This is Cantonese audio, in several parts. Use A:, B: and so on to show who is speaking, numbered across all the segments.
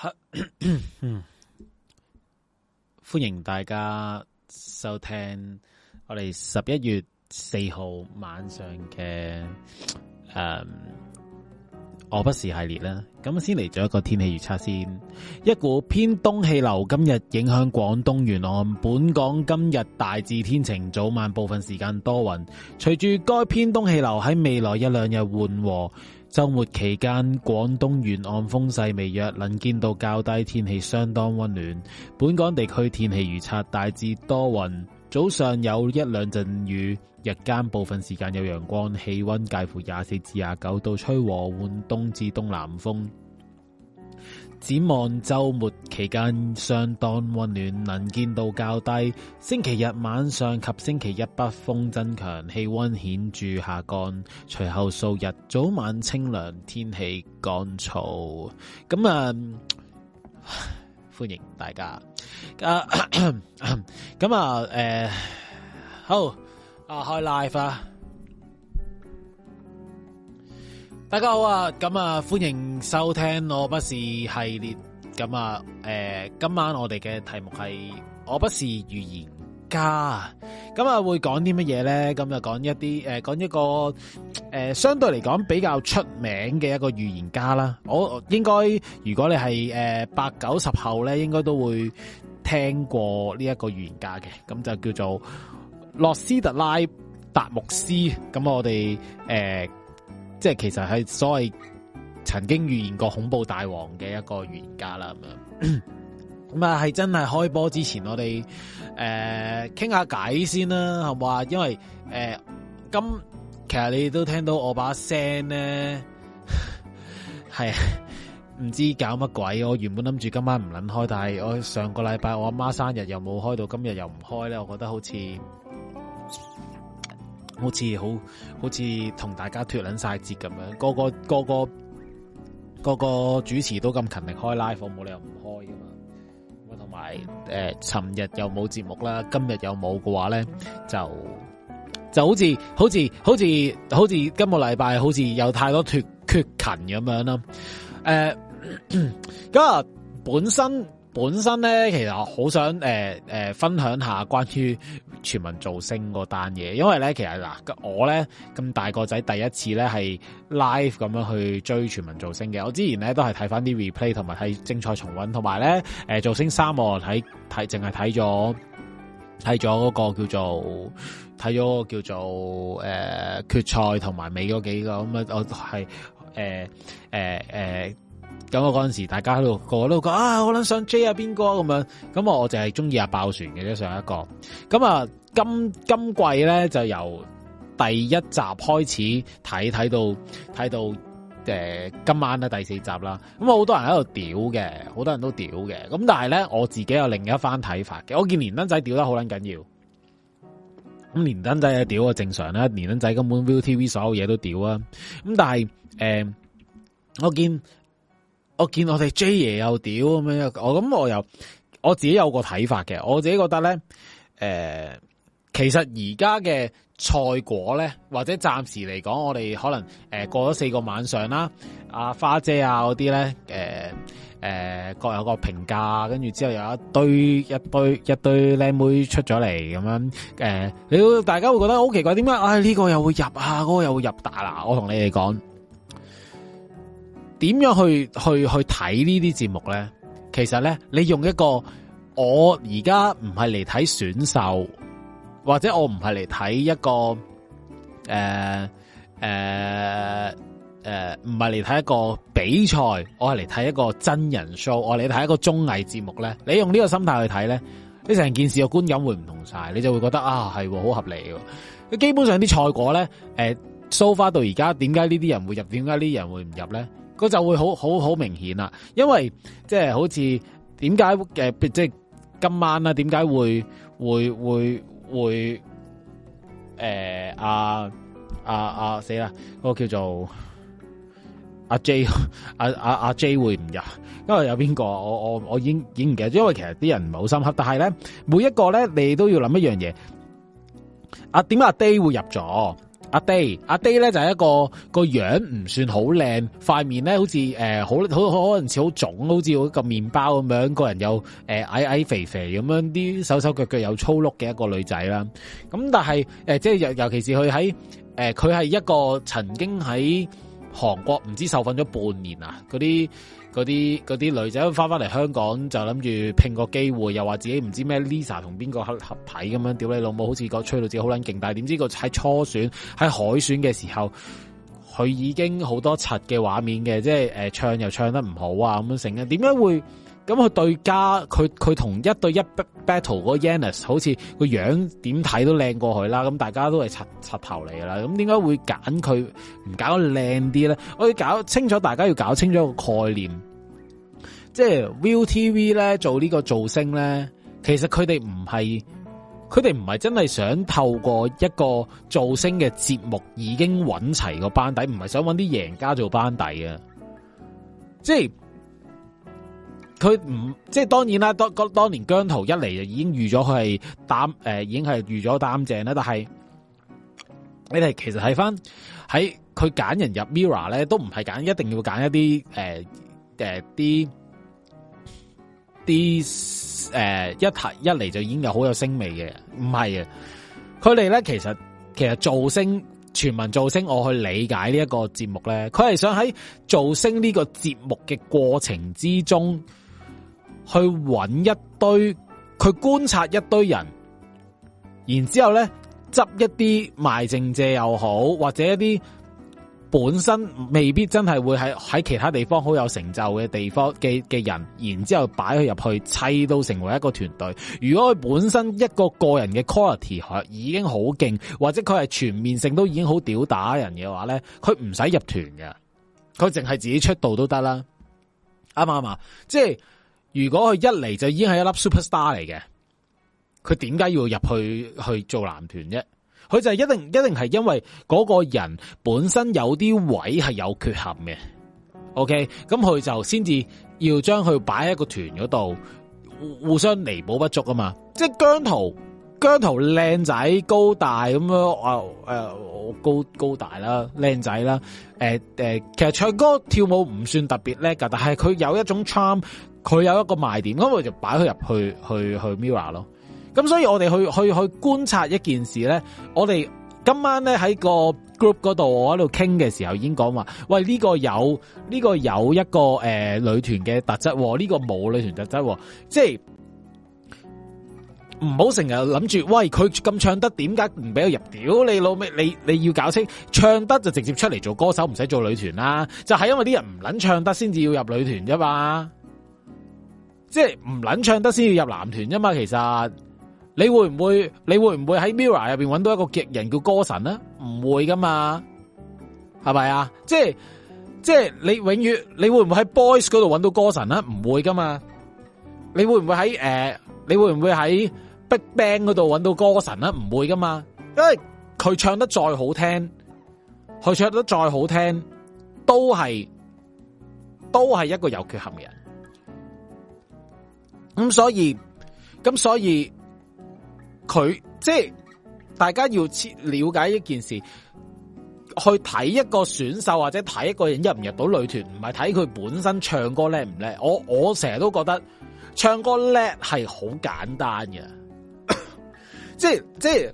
A: 歡迎大家收聽我哋十一月四號晚上嘅，誒，um, 我不是系列啦。咁先嚟做一個天氣預測先。一股偏東氣流今日影響廣東沿岸，本港今日大致天晴，早晚部分時間多雲。隨住該偏東氣流喺未來一兩日緩和。周末期間，廣東沿岸風勢微弱，能見度較低，天氣相當溫暖。本港地區天氣預測大致多雲，早上有一兩陣雨，日間部分時間有陽光，氣溫介乎廿四至廿九度，吹和緩東至東南風。展望周末期間相當溫暖，能見度較低。星期日晚上，上及星期一北風增強，氣溫顯著下降。隨後數日早晚清涼，天氣乾燥。咁啊，歡迎大家。咁啊，誒、啊呃，好啊，開 live 啊。大家好啊，咁啊歡迎收聽我不是系列，咁啊，誒、呃、今晚我哋嘅題目係我不是預言家，咁啊會講啲乜嘢咧？咁就講一啲，誒、呃、講一個，誒、呃、相對嚟講比較出名嘅一個預言家啦。我應該如果你係誒八九十後咧，應該都會聽過呢一個預言家嘅，咁就叫做諾斯特拉達木斯。咁我哋誒。呃即係其實係所謂曾經預言過恐怖大王嘅一個預言家啦咁樣，咁啊係真係開波之前我哋誒傾下偈先啦，係嘛？因為誒、呃、今其實你都聽到我把聲咧係唔知搞乜鬼，我原本諗住今晚唔捻開，但係我上個禮拜我阿媽生日又冇開到，今日又唔開咧，我覺得好似。好似好好似同大家脫捻晒節咁樣，個個個個個個主持都咁勤力開 live 房，我冇理由唔開㗎嘛。同埋誒，尋、呃、日又冇節目啦，今日又冇嘅話咧，就就好似好似好似好似今個禮拜好似有太多脫缺勤咁樣啦。誒、呃，今日， 本身。本身咧，其實我好想誒誒、呃呃、分享一下關於全民造星嗰單嘢，因為咧其實嗱，我咧咁大個仔第一次咧係 live 咁樣去追全民造星嘅。我之前咧都係睇翻啲 replay 同埋，睇精彩重温，同埋咧誒造星三我睇睇淨係睇咗睇咗嗰個叫做睇咗個叫做誒、呃、決賽同埋美嗰幾個咁啊、嗯，我係誒誒誒。呃呃呃呃咁我嗰陣時大家都，大家喺度個個都講啊，我諗上 J 啊邊個咁樣？咁啊，我就係中意阿爆船嘅啫。上一個咁啊，今今季咧就由第一集開始睇睇到睇到誒、呃、今晚咧第四集啦。咁啊，好多人喺度屌嘅，好多人都屌嘅。咁但係咧，我自己有另一番睇法嘅。我見連登仔屌得好捻緊要，咁連登仔啊屌啊正常啦。連登仔根本 ViuTV 所有嘢都屌啊。咁但係誒、呃，我見。我見我哋 J 爺又屌咁樣，我咁我又我自己有個睇法嘅，我自己覺得咧，誒、呃，其實而家嘅賽果咧，或者暫時嚟講，我哋可能誒、呃、過咗四個晚上啦、啊，花姐啊嗰啲咧，誒誒、呃呃、各有個評價，跟住之後有一堆一堆一堆靚妹出咗嚟咁樣，誒、呃，屌大家會覺得好奇怪，點解啊呢個又會入啊，嗰、那個又會入大啦，我同你哋講。點樣去去去睇呢啲節目咧？其實咧，你用一個我而家唔係嚟睇選秀，或者我唔係嚟睇一個誒誒誒，唔係嚟睇一個比賽，我係嚟睇一個真人 show，我嚟睇一個綜藝節目咧。你用呢個心態去睇咧，你成件事嘅觀感會唔同晒，你就會覺得啊，係好合理嘅。基本上啲賽果咧，誒 so far 到而家，點解呢啲人會入？點解呢啲人會唔入咧？個就會好好好明顯啦，因為即係好似點解嘅，即係今晚啦，點解會會會會誒、呃、啊啊啊死啦，嗰個叫做阿、啊、J 阿阿阿 J 會唔入？因為有邊個？我我我已經已經唔記得，因為其實啲人唔係好深刻。但係咧，每一個咧，你都要諗一樣嘢。阿點解阿 Day 會入咗？阿 Day，阿 Day 咧，就係一個個樣唔算好靚，塊面咧，好似誒好好好可能似好腫，好似一個麵包咁樣，個人又誒矮矮肥肥咁樣，啲手手腳腳又粗碌嘅一個女仔啦。咁但係誒，即係尤尤其是佢喺誒，佢、呃、係一個曾經喺韓國唔知受訓咗半年啊，嗰啲。嗰啲啲女仔翻翻嚟香港就諗住拼個機會，又話自己唔知咩 Lisa 同邊個合合體咁樣，屌你老母，好似個吹到自己好撚勁，但係點知個喺初選喺海選嘅時候，佢已經好多柒嘅畫面嘅，即係誒、呃、唱又唱得唔好啊，咁樣成啊，點解會？咁佢對家，佢佢同一對一 battle 嗰個 Yennis，好似個樣點睇都靚過佢啦。咁大家都係柒柒頭嚟啦。咁點解會揀佢唔揀靚啲咧？我要搞清楚，大家要搞清楚一個概念，即係 ViuTV 咧做呢個造星咧，其實佢哋唔係，佢哋唔係真係想透過一個造星嘅節目已經揾齊個班底，唔係想揾啲贏家做班底啊，即係。佢唔即係當然啦，當當年姜濤一嚟，就已經預咗佢係擔誒，已經係預咗擔正啦，但係你哋其實睇翻，喺佢揀人入 Mirror 咧，都唔係揀一定要揀一啲誒誒啲啲誒一提一嚟就已經很有好有星味嘅，唔係啊。佢哋咧其實其實造星全民造星，我去理解呢一個節目咧，佢係想喺造星呢、這個節目嘅過程之中。去揾一堆佢觀察一堆人，然之後咧，執一啲賣剩借又好，或者一啲本身未必真係會喺喺其他地方好有成就嘅地方嘅嘅人，然之後擺佢入去砌到成為一個團隊。如果佢本身一個個人嘅 quality 已已經好勁，或者佢係全面性都已經好屌打人嘅話咧，佢唔使入團嘅，佢淨係自己出道都得啦。啱唔啱啊？即係。如果佢一嚟就已經係一粒 super star 嚟嘅，佢點解要入去去做男團啫？佢就一定一定係因為嗰個人本身有啲位係有缺陷嘅。OK，咁佢就先至要將佢擺喺個團嗰度，互相彌補不足啊嘛。即係姜濤，姜濤靚仔高大咁樣啊，誒，我高高大啦，靚仔啦，誒誒，其實唱歌跳舞唔算特別叻噶，但係佢有一種 charm。佢有一個賣點，咁我就擺佢入去去去 mirror 咯。咁所以我，我哋去去去觀察一件事咧，我哋今晚咧喺個 group 嗰度，我喺度傾嘅時候已經講話：，喂，呢、這個有呢、這個有一個誒、呃、女團嘅特質，呢、哦這個冇女團特質、哦。即係唔好成日諗住，喂，佢咁唱得，點解唔俾佢入？屌你老味，你你要搞清，唱得就直接出嚟做歌手，唔使做女團啦。就係、是、因為啲人唔捻唱得，先至要入女團啫嘛。即係唔捻唱得先要入男團啫嘛。其實你會唔會你會唔會喺 Mirror 入邊揾到一個極人叫歌神呢？唔會噶嘛，係咪啊？即係即係你永遠你會唔會喺 Boys 嗰度揾到歌神呢？唔會噶嘛。你會唔會喺誒、呃、你會唔會喺 Big Bang 嗰度揾到歌神呢？唔會噶嘛。因為佢唱得再好聽，佢唱得再好聽，都係都係一個有缺陷嘅人。咁所以，咁所以，佢即係大家要了解一件事，去睇一個選秀或者睇一個人入唔入到女團，唔係睇佢本身唱歌叻唔叻。我我成日都覺得唱歌叻係好簡單嘅， 即係即係。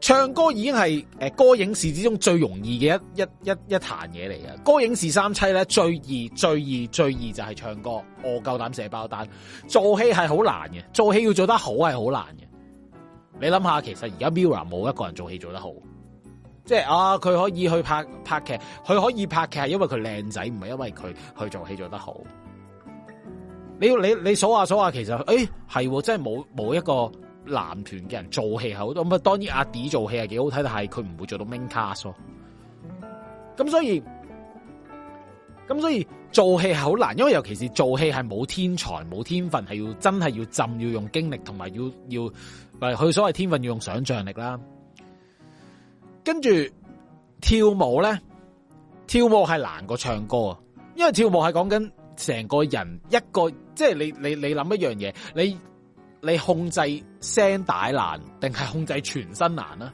A: 唱歌已經係誒、欸、歌影視之中最容易嘅一一一一壇嘢嚟嘅，歌影視三棲咧最易最易最易就係唱歌，我夠膽寫包單。做戲係好難嘅，做戲要做得好係好難嘅。你諗下，其實而家 Mirror 冇一個人做戲做得好，即、就、係、是、啊，佢可以去拍拍劇，佢可以拍劇，係因為佢靚仔，唔係因為佢去做戲做得好。你要你你數下數下，其實誒係、欸、真係冇冇一個。男團嘅人做戲係好多咁啊。當然阿 Dee 做戲係幾好睇，但係佢唔會做到 main cast 咯。咁所以，咁所以做戲係好難，因為尤其是做戲係冇天才、冇天分，係要真係要浸，要用經歷，同埋要要佢所謂天分要用想象力啦。跟住跳舞咧，跳舞係難過唱歌啊，因為跳舞係講緊成個人一個，即係你你你諗一樣嘢，你。你控制聲帶難，定係控制全身難呢？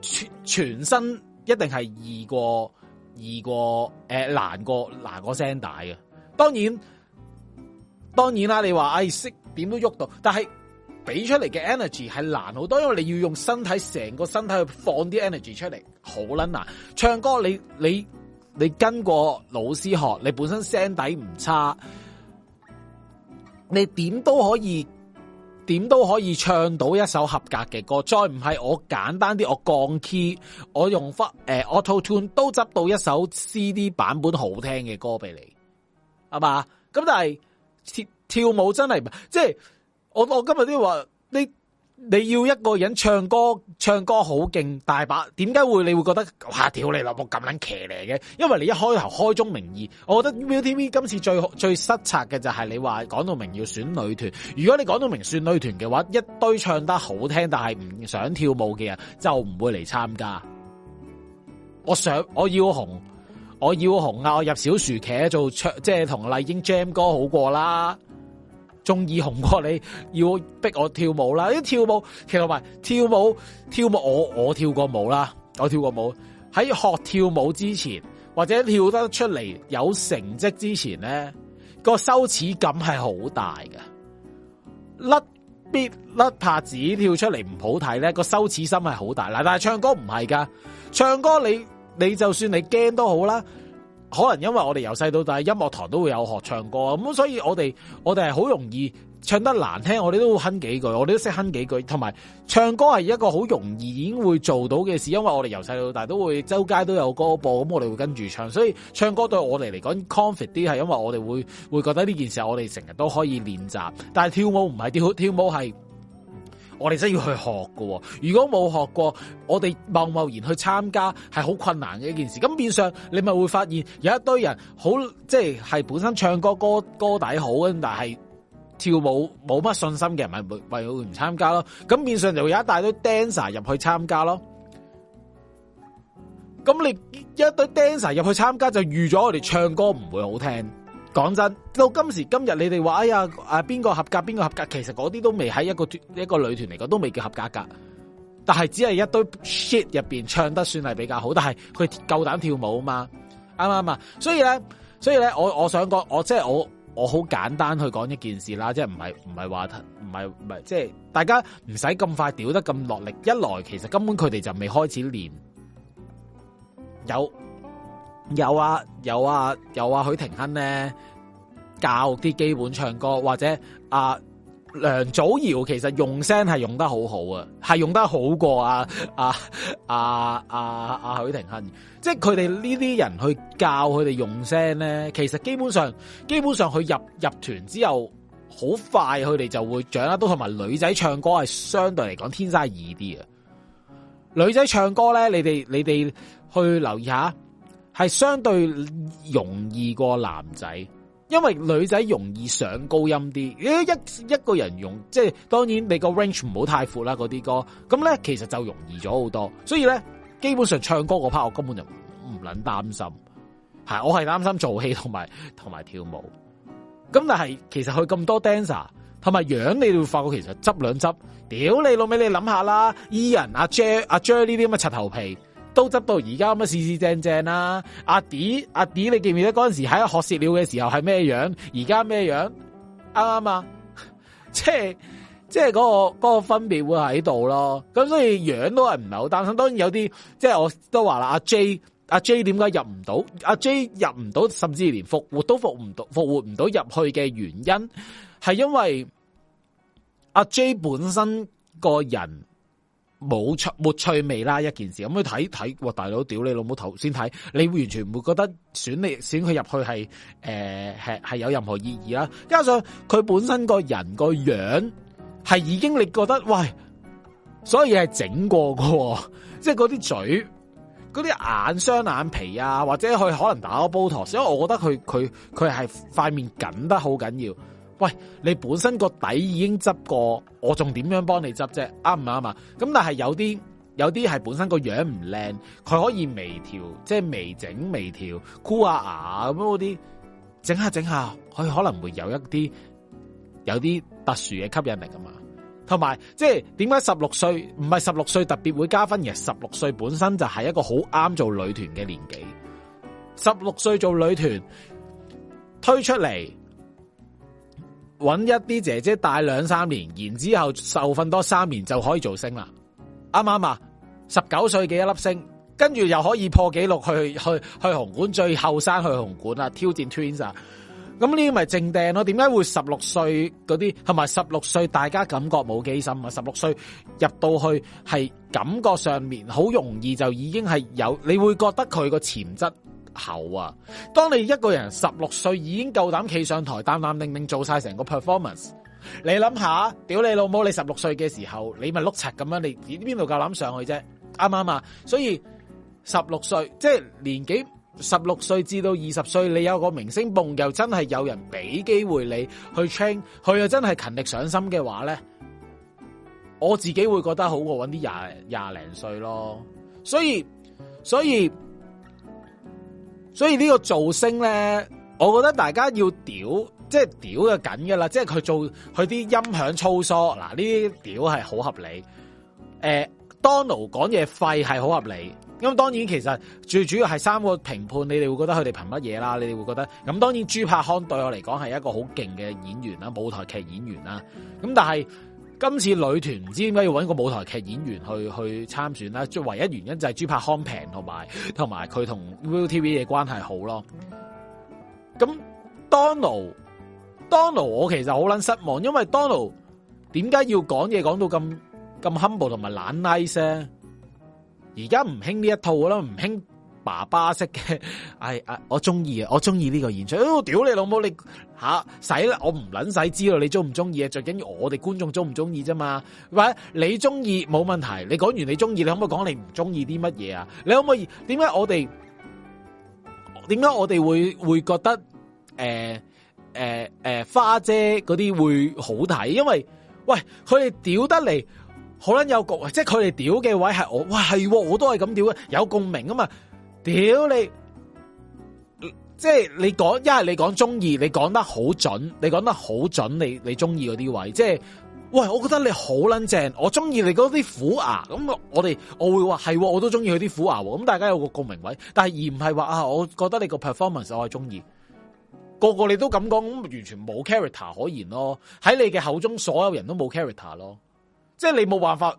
A: 全全身一定係易過易過誒、呃、難過難過聲帶嘅。當然當然啦，你話誒識點都喐到，但係俾出嚟嘅 energy 係難好多，因為你要用身體成個身體去放啲 energy 出嚟，好撚難。唱歌你你你跟個老師學，你本身聲底唔差。你點都可以，點都可以唱到一首合格嘅歌。再唔係我簡單啲，我降 key，我用翻誒、呃，auto tune 都執到一首 CD 版本好聽嘅歌俾你，係嘛？咁但係跳舞真係唔係，即係我我今日都話你。你要一個人唱歌，唱歌好勁，大把。點解會你會覺得哇，屌你老母咁捻騎呢嘅？因為你一開頭開宗明義，我覺得 ViuTV 今次最最失策嘅就係你話講到明要選女團，如果你講到明選女團嘅話，一堆唱得好聽但係唔想跳舞嘅人就唔會嚟參加。我想我要紅，我要紅啊！我入小薯茄做唱，即係同麗英 Jam 歌好過啦。中意紅過你，要逼我跳舞啦！啲跳舞，其實唔係跳舞，跳舞我我跳過舞啦，我跳過舞。喺學跳舞之前，或者跳得出嚟有成績之前咧，個羞恥感係好大嘅。甩必甩拍子跳出嚟唔好睇咧，個羞恥心係好大。嗱，但係唱歌唔係噶，唱歌你你就算你驚都好啦。可能因為我哋由細到大音樂堂都會有學唱歌，咁所以我哋我哋係好容易唱得難聽，我哋都會哼幾句，我哋都識哼幾句。同埋唱歌係一個好容易已經會做到嘅事，因為我哋由細到大都會周街都有歌播，咁我哋會跟住唱，所以唱歌對我哋嚟講 confident 係因為我哋會會覺得呢件事我哋成日都可以練習，但係跳舞唔係跳舞，跳舞係我哋真要去學喎、哦。如果冇學過，我哋貿貿然去參加係好困難嘅一件事。咁面上你咪會發現有一堆人好即係係本身唱歌歌歌底好，咁但係跳舞冇乜信心嘅人，咪為咗唔參加咯。咁面上就會有一大堆 dancer 入去參加咯。咁你有一堆 dancer 入去參加就預咗我哋唱歌唔會好聽。講真，到今時今日你，你哋話哎呀，邊、啊、邊個合格邊個合格，其實嗰啲都未喺一個一個女團嚟講都未叫合格噶。但係只係一堆 shit 入邊唱得算係比較好，但係佢夠膽跳舞啊嘛，啱唔啱啊？所以咧，所以咧，我我想講，我即係我，我好簡單去講一件事啦，即係唔係唔係話唔係唔係，即係、就是、大家唔使咁快屌得咁落力，一來其實根本佢哋就未開始練，有。有啊，有啊，有啊！許廷鏗咧教啲基本唱歌，或者啊梁祖堯其實用聲係用得好好啊，係用得好過啊。啊啊啊阿許廷鏗。即係佢哋呢啲人去教佢哋用聲咧，其實基本上基本上佢入入團之後，好快佢哋就會掌握到。同埋女仔唱歌係相對嚟講天生易啲啊。女仔唱歌咧，你哋你哋去留意下。係相對容易過男仔，因為女仔容易上高音啲，一一一個人用，即係當然你個 range 唔好太闊啦嗰啲歌，咁咧其實就容易咗好多，所以咧基本上唱歌嗰 part 我根本就唔捻擔心，係我係擔心做戲同埋同埋跳舞，咁但係其實佢咁多 dancer 同埋樣，你會發覺其實執兩執，屌你老味，你諗下啦，Ian 阿 Jer 阿 Jer 呢啲咁嘅柒頭皮。都執到而家咁啊，是是正正啦、啊！阿 D、ee? 阿迪你記唔記得嗰陣時喺學舌鳥嘅時候係咩樣？而家咩樣？啱啱啊！即係即係嗰個嗰、嗰個分別會喺度咯。咁所以樣都係唔係好擔心。當然有啲即係我都話啦，阿 J 阿 J 點解入唔到？阿 J 入唔到，甚至連復活都復活唔到，復活唔到入去嘅原因係因為阿 J 本身個人。冇趣，沒趣味啦一件事，咁去睇睇，哇大佬，屌你老母頭先睇，你會完全唔會覺得選你選佢入去係誒係係有任何意義啦，加上佢本身個人個樣係已經你覺得，喂，所以係整過嘅。即係嗰啲嘴、嗰啲眼、雙眼皮啊，或者佢可能打個 Botox，所以我覺得佢佢佢係塊面緊得好緊要。喂，你本身個底已經執過，我仲點樣幫你執啫？啱唔啱啊？咁但係有啲有啲係本身個樣唔靚，佢可以微調，即係微整、微調、箍下牙咁樣嗰啲，整下整下，佢可能會有一啲有啲特殊嘅吸引力噶嘛。同埋，即係點解十六歲唔係十六歲特別會加分嘅？十六歲本身就係一個好啱做女團嘅年紀。十六歲做女團推出嚟。搵一啲姐姐大兩三年，然之後受訓多三年就可以做星啦。啱唔啱啊？十九歲嘅一粒星，跟住又可以破紀錄去去去,去紅館，最後生去紅館啊，挑戰 Twins 啊。咁呢啲咪正定咯？點解會十六歲嗰啲，係咪十六歲大家感覺冇幾深啊？十六歲入到去係感覺上面好容易就已經係有，你會覺得佢個潛質。後啊！當你一個人十六歲已經夠膽企上台，淡淡定定做晒成個 performance，你諗下，屌你老母！你十六歲嘅時候，你咪碌柒咁樣，你邊度夠膽上去啫？啱唔啱啊？所以十六歲即係年紀十六歲至到二十歲，你有個明星夢，又真係有人俾機會你去 train，佢又真係勤力上心嘅話咧，我自己會覺得好過搵啲廿廿零歲咯。所以所以。所以呢個造星呢，我覺得大家要屌，即係屌就緊嘅啦，即係佢做佢啲音響粗疏，嗱呢啲屌係好合理。誒、呃，Donald 講嘢廢係好合理，咁當然其實最主要係三個評判，你哋會覺得佢哋憑乜嘢啦？你哋會覺得咁當然朱柏康對我嚟講係一個好勁嘅演員啦，舞台劇演員啦，咁但係。今次女團唔知點解要搵個舞台劇演員去去參選啦，最唯一原因就係朱柏康平同埋同埋佢同 ViuTV 嘅關係好咯。咁 Donald Donald 我其實好捻失望，因為 Donald 點解要講嘢講到咁咁 humble 同埋懶 Nice，而家唔興呢一套啦，唔興。爸爸式嘅，係、哎、啊，我中意啊，我中意呢個現場、哦。屌你老母，你吓使啦！我唔撚使知道你中唔中意啊！最緊要我哋觀眾中唔中意啫嘛？喂，你中意冇問題，你講完你中意，你可唔可以講你唔中意啲乜嘢啊？你可唔可以？點解我哋？點解我哋會會覺得誒誒誒花姐嗰啲會好睇？因為喂，佢哋屌得嚟，可能有局，即係佢哋屌嘅位係我，哇係，我都係咁屌啊，有共鳴啊嘛！屌你！即係你講，一係你講中意，你講得好準，你講得好準你，你你中意嗰啲位，即係，喂，我覺得你好撚正，我中意你嗰啲虎牙，咁我哋我會話係，我都中意佢啲虎牙，咁大家有個共鳴位，但係而唔係話啊，我覺得你個 performance 我係中意，個個你都咁講，咁完全冇 character 可言咯，喺你嘅口中，所有人都冇 character 咯，即係你冇辦法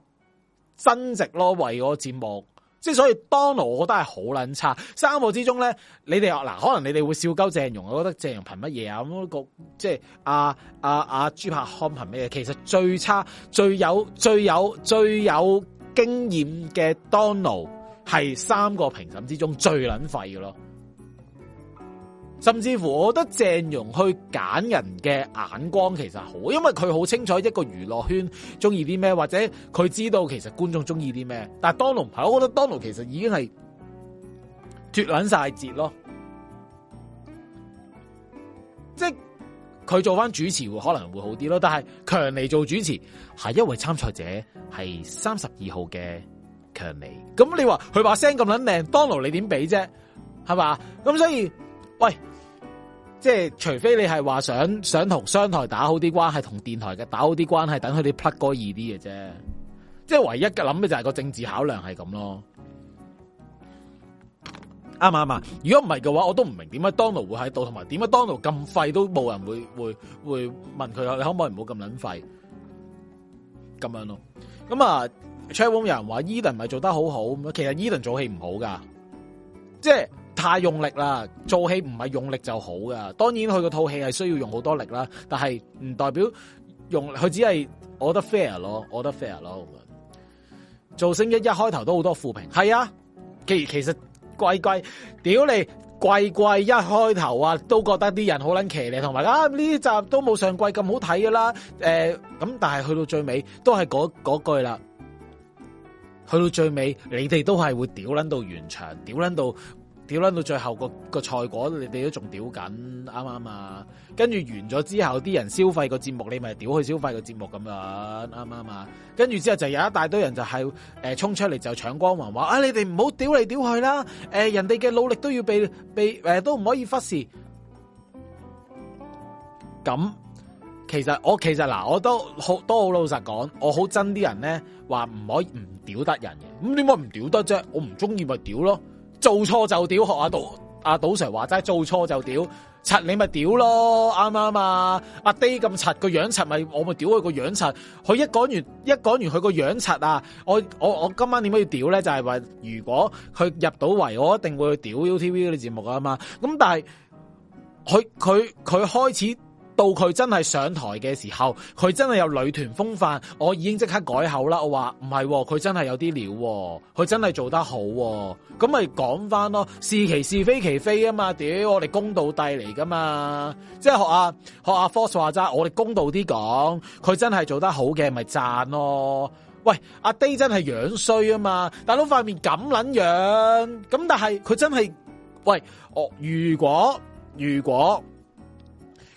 A: 增值咯，為我節目。即係所以，Donald 我覺得係好撚差。三個之中呢，你哋嗱，可能你哋會笑鳩鄭融，我覺得鄭融憑乜嘢、那個、啊？咁個即係阿阿阿朱柏康憑乜嘢？其實最差、最有、最有、最有經驗嘅 Donald 係三個評審之中最撚廢嘅咯。甚至乎，我覺得鄭融去揀人嘅眼光其實好，因為佢好清楚一個娛樂圈中意啲咩，或者佢知道其實觀眾中意啲咩。但係 Donald，我覺得 Donald 其實已經係脫捻晒節咯，即係佢做翻主持會可能會好啲咯。但係強尼做主持係一位參賽者是32，係三十二號嘅強尼。咁你話佢把聲咁捻靚，Donald 你點比啫？係嘛？咁所以。喂，即係除非你係話想想同商台打好啲關係，同電台嘅打好啲關係，等佢哋 plug 歌易啲嘅啫。即係唯一嘅諗嘅就係個政治考量係咁咯。啱唔啱啱，如果唔係嘅話，我都唔明點解 Donald 會喺度，同埋點解 Donald 咁廢都冇人會會會問佢，你可唔可以唔好咁撚廢咁樣咯？咁啊 Twitter 有人話 Edan 咪做得好好咁，其實 Edan 做戲唔好噶，即係。太用力啦！做戲唔係用力就好噶。當然佢個套戲係需要用好多力啦，但係唔代表用佢只係我得 fair 咯，我得 fair 咯咁樣。造星一一開頭都好多負評，係啊，其其實季季屌你季季一開頭啊都覺得啲人好撚騎呢，同埋啊呢集都冇上季咁好睇噶啦。誒、呃、咁但係去到最尾都係嗰嗰句啦。去到最尾你哋都係會屌捻到完場，屌捻到。屌撚到最後個個菜果，你哋都仲屌緊，啱啱啊？跟、嗯、住、嗯、完咗之後，啲人消費個節目，你咪屌佢消費個節目咁樣，啱啱啊？跟、嗯、住、嗯嗯嗯、之後就有一大堆人就係、是、誒、呃、衝出嚟就搶光環，話啊你哋唔好屌嚟屌去啦！呃、人哋嘅努力都要被被、呃、都唔可以忽視。咁其實我其實嗱、啊，我都好好老實講，我好憎啲人咧話唔可以唔屌得人嘅。咁點解唔屌得啫？我唔中意咪屌咯。做錯就屌，學阿賭阿賭 Sir 話齋，做錯就屌，柒你咪屌咯，啱唔啱啊？阿 Day 咁柒個樣柒，咪我咪屌佢個樣柒。佢一講完一講完佢個樣柒啊！我我我，我今晚點解要屌咧？就係話如果佢入到圍，我一定會去屌 UTV 嗰啲節目啊嘛。咁但係佢佢佢開始。到佢真係上台嘅時候，佢真係有女團風範，我已經即刻改口啦。我話唔係，佢、喎、真係有啲料、喎，佢真係做得好、喎，咁咪講翻咯，是其是非其非啊嘛，屌我哋公道帝嚟噶嘛，即係學阿學阿 Force 話齋，我哋公道啲講，佢真係做得好嘅咪讚咯。喂，阿 D 真係樣衰啊嘛，大佬塊面咁撚樣，樣，咁但係佢真係，喂，我如果如果。如果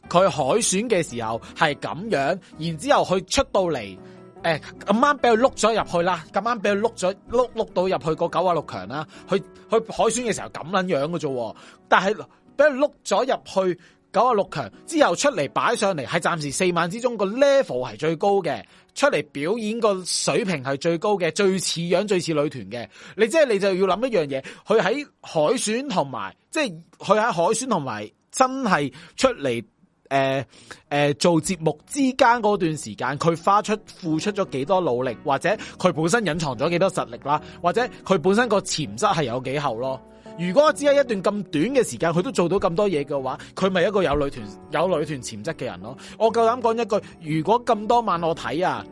A: 佢海選嘅時候係咁樣，然之後佢出到嚟，誒咁啱俾佢碌咗入去啦，咁啱俾佢碌咗碌碌到入去個九十六強啦。佢佢海選嘅時候咁撚樣嘅啫，但係俾佢碌咗入去九十六強之後出嚟擺上嚟，係暫時四萬之中個 level 係最高嘅，出嚟表演個水平係最高嘅，最似樣最似女團嘅。你即係你就要諗一樣嘢，佢喺海選同埋，即係佢喺海選同埋真係出嚟。誒誒、呃呃，做節目之間段時間，佢花出付出咗幾多努力，或者佢本身隱藏咗幾多實力啦，或者佢本身個潛質係有幾厚咯。如果我只係一段咁短嘅時間，佢都做到咁多嘢嘅話，佢咪一個有女團有女團潛質嘅人咯。我夠膽講一句，如果咁多晚我睇啊，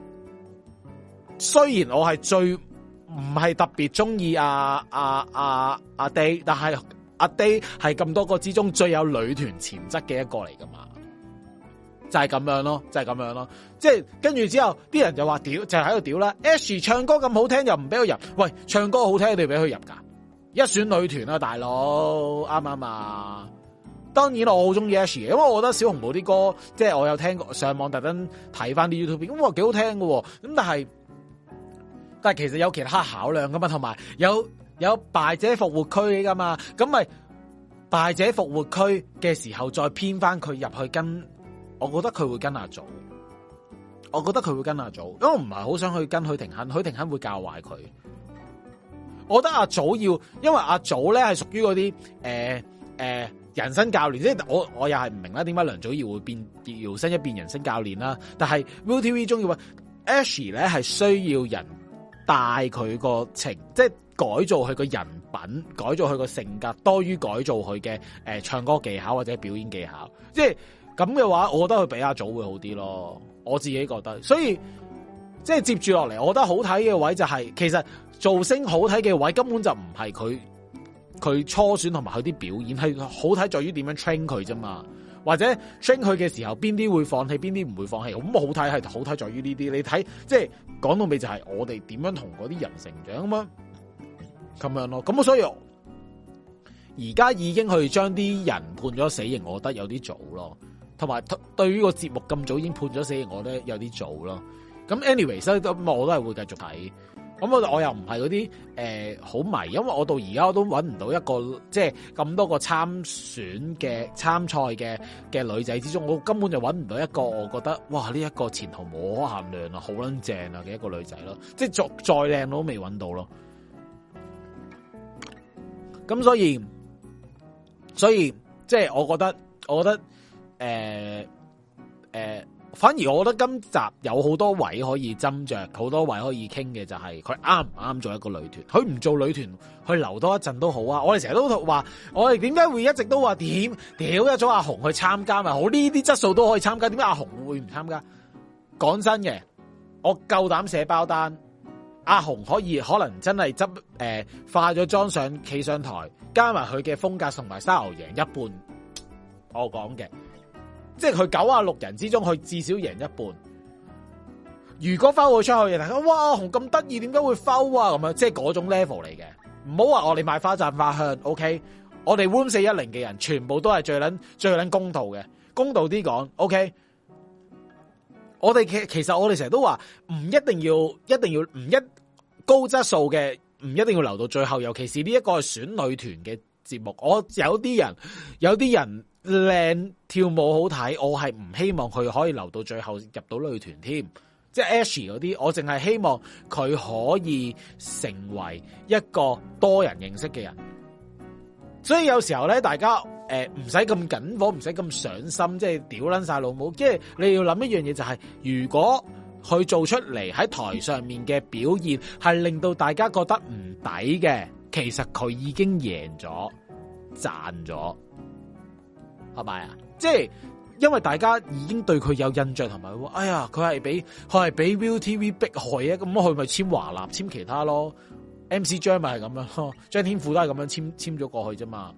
A: 雖然我係最唔係特別中意阿阿阿阿 D，但係阿 D 係咁多個之中最有女團潛質嘅一個嚟噶嘛？就係咁樣咯，就係、是、咁樣咯，即係跟住之後，啲人就話屌，就喺度屌啦。Ash 唱歌咁好聽，又唔俾佢入，喂，唱歌好聽，你俾佢入噶，一選女團啊，大佬，啱啱啊？當然我好中意 Ash，因為我覺得小紅帽啲歌，即、就、係、是、我有聽過，上網特登睇翻啲 YouTube，咁、嗯、我幾好聽噶，咁但係，但係其實有其他考量噶嘛，同埋有有敗者復活區噶嘛，咁咪敗者復活區嘅時候再編翻佢入去跟。我覺得佢會跟阿祖，我覺得佢會跟阿祖，因為我唔係好想去跟許廷鏗，許廷鏗會教壞佢。我覺得阿祖要，因為阿祖咧係屬於嗰啲誒誒人生教練，即係我我又係唔明啦，點解梁祖堯會變搖身一變人生教練啦？但係 Viu TV 中意話 Ashley 咧係需要人帶佢個情，即係改造佢個人品，改造佢個性格，多於改造佢嘅誒唱歌技巧或者表演技巧，即係。咁嘅話，我覺得佢比阿祖會好啲咯，我自己覺得。所以即係接住落嚟，我覺得好睇嘅位就係、是，其實造星好睇嘅位根本就唔係佢佢初選同埋佢啲表演，係好睇在於點樣 train 佢啫嘛。或者 train 佢嘅時候邊啲會放棄，邊啲唔會放棄，咁好睇係好睇在於呢啲。你睇即係講到尾就係我哋點樣同嗰啲人成長啊，咁樣咯。咁所以而家已經去將啲人判咗死刑，我覺得有啲早咯。同埋，對於個節目咁早已經判咗死刑，ways, 我都有啲早咯。咁 anyway，所以我都係會繼續睇。咁我我又唔係嗰啲誒好迷，因為我到而家我都揾唔到一個，即係咁多個參選嘅參賽嘅嘅女仔之中，我根本就揾唔到一個，我覺得哇！呢、這、一個前途無可限量啊，好撚正啊嘅一個女仔咯。即係再再靚我都未揾到咯。咁所以，所以即係我覺得，我覺得。誒誒、呃呃，反而我覺得今集有好多位可以斟酌，好多位可以傾嘅就係佢啱唔啱做一個女團。佢唔做女團去留多一陣都好啊！我哋成日都話，我哋點解會一直都話點？屌一咗阿紅去參加咪好？呢啲質素都可以參加，點解阿紅會唔參加？講真嘅，我夠膽寫包單。阿紅可以可能真係執誒化咗妝上企上台，加埋佢嘅風格同埋沙牛贏一半，我講嘅。即係佢九啊六人之中，佢至少贏一半。如果翻去出去，人睇哇，紅咁得意，點解會翻啊？咁樣即係嗰種 level 嚟嘅。唔好話我哋賣花讚花香，OK。我哋 Room 四一零嘅人，全部都係最捻最捻公道嘅，公道啲講，OK。我哋其其實我哋成日都話，唔一定要，一定要唔一高質素嘅，唔一定要留到最後。尤其是呢一個選女團嘅節目，我有啲人，有啲人。靚跳舞好睇，我係唔希望佢可以留到最後入到女團添，即係 Ashy 嗰啲，我淨係希望佢可以成為一個多人認識嘅人。所以有時候咧，大家誒唔使咁緊火，唔使咁上心，即係屌捻晒老母。即係你要諗一樣嘢，就係，就係如果佢做出嚟喺台上面嘅表現係令到大家覺得唔抵嘅，其實佢已經贏咗賺咗。賺係咪啊？即係因為大家已經對佢有印象，同埋哎呀，佢係俾佢係俾 Viu TV 迫害啊！咁佢咪簽華納，簽其他咯。MC 張咪係咁樣咯，張天賦都係咁樣簽簽咗過去啫嘛。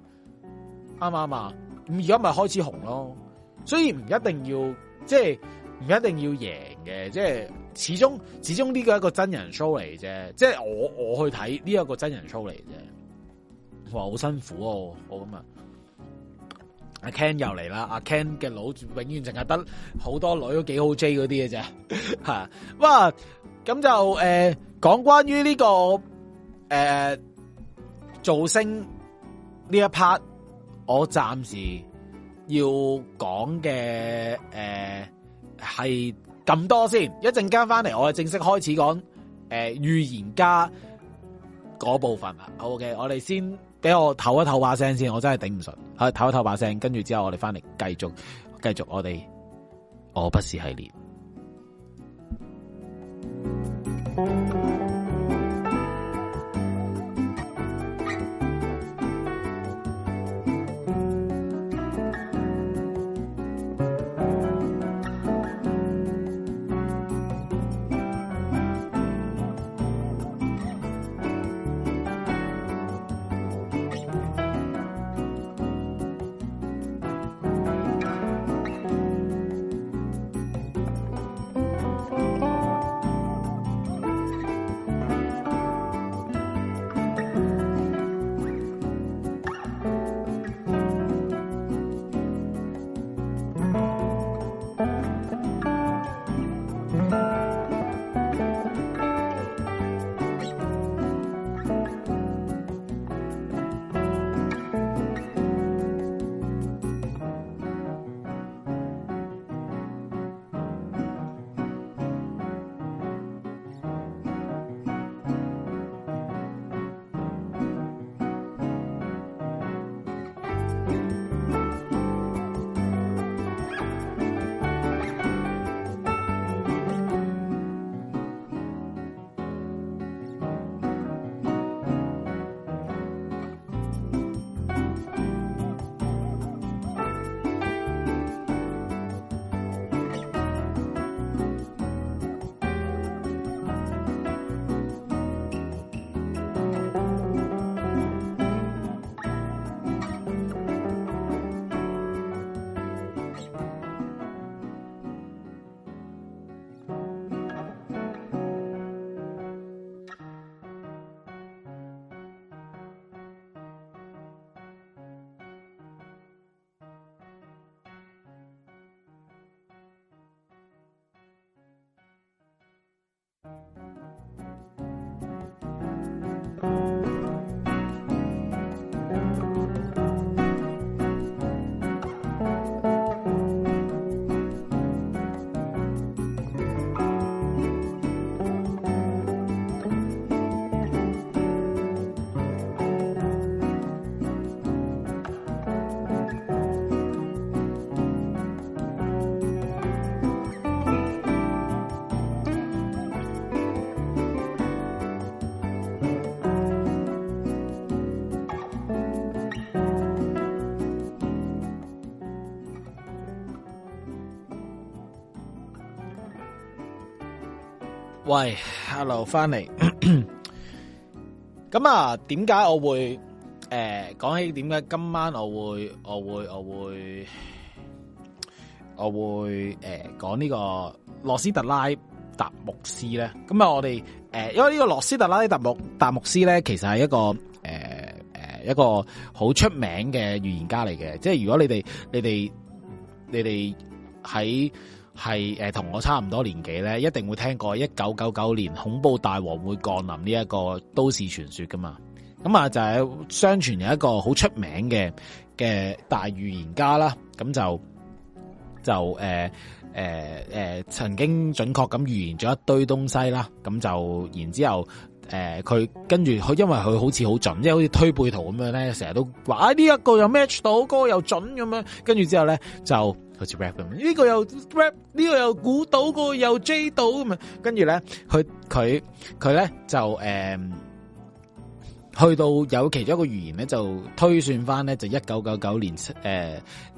A: 啱嘛啱嘛。咁而家咪開始紅咯。所以唔一定要，即係唔一定要贏嘅。即係始終始終呢個係一個真人 show 嚟啫。即係我我去睇呢一個真人 show 嚟啫。話好辛苦哦，我咁啊。阿 Ken 又嚟啦！阿 Ken 嘅腦永遠淨係得好多女都幾 o J 啲嘅啫，吓 哇！咁就誒講、呃、關於呢、呢個誒、呃、造星呢一 part，我暫時要講嘅誒係咁多先。一陣間翻嚟，我哋正式開始講誒預言家嗰部分啊 O K，我哋先。俾我唞一唞把聲先，我真係頂唔順。吓，唞一唞把聲，跟住之後我哋翻嚟繼續，繼續我哋我不是系列。係、hey，hello，翻嚟。咁啊，點 解我會誒講、呃、起點解今晚我會我會我會我會誒講呢個羅斯特拉達木斯咧？咁啊，我哋誒，因為呢個羅斯特拉達木達木斯咧，其實係一個誒誒、呃呃、一個好出名嘅預言家嚟嘅。即係如果你哋你哋你哋喺。係誒，同我差唔多年紀咧，一定會聽過一九九九年恐怖大王會降臨呢一個都市傳說噶嘛。咁啊，就係相傳有一個好出名嘅嘅大預言家啦。咁就就誒誒誒，曾經準確咁預言咗一堆東西啦。咁就然之後，誒、呃、佢跟住佢，因為佢好似好準，即、就、係、是、好似推背圖咁樣咧，成日都話，呢、啊、一個又 match 到，嗰個又準咁樣。跟住之後咧就。好似 rap 咁，呢個又 rap，呢個又估到，這個又 j 到咁啊！跟住咧，佢佢佢咧就誒、呃，去到有其中一個預言咧，就推算翻咧，就一九九九年七誒誒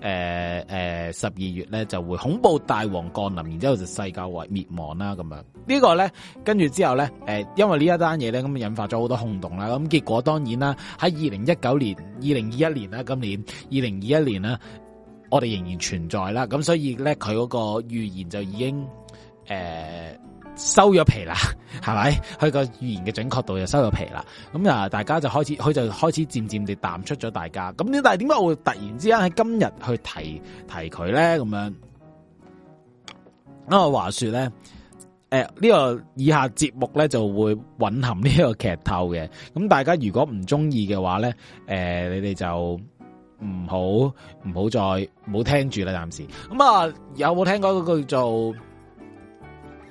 A: 誒十二月咧就會恐怖大王降臨，然之後就世界為滅亡啦咁樣。這個、呢個咧，跟住之後咧，誒，因為這呢一單嘢咧，咁啊引發咗好多轟動啦。咁結果當然啦，喺二零一九年、二零二一年啦，今年二零二一年啦。我哋仍然存在啦，咁所以咧，佢嗰個預言就已經誒、呃、收咗皮啦，係咪？佢個預言嘅準確度就收咗皮啦，咁啊，大家就開始，佢就開始漸漸地淡出咗大家。咁但係點解會突然之間喺今日去提提佢咧？咁樣我話說咧，誒、呃，呢、這個以下節目咧就會蘊含呢個劇透嘅。咁大家如果唔中意嘅話咧，誒、呃，你哋就。唔好唔好再冇聽住啦，暫時咁啊！有冇聽過嗰個叫做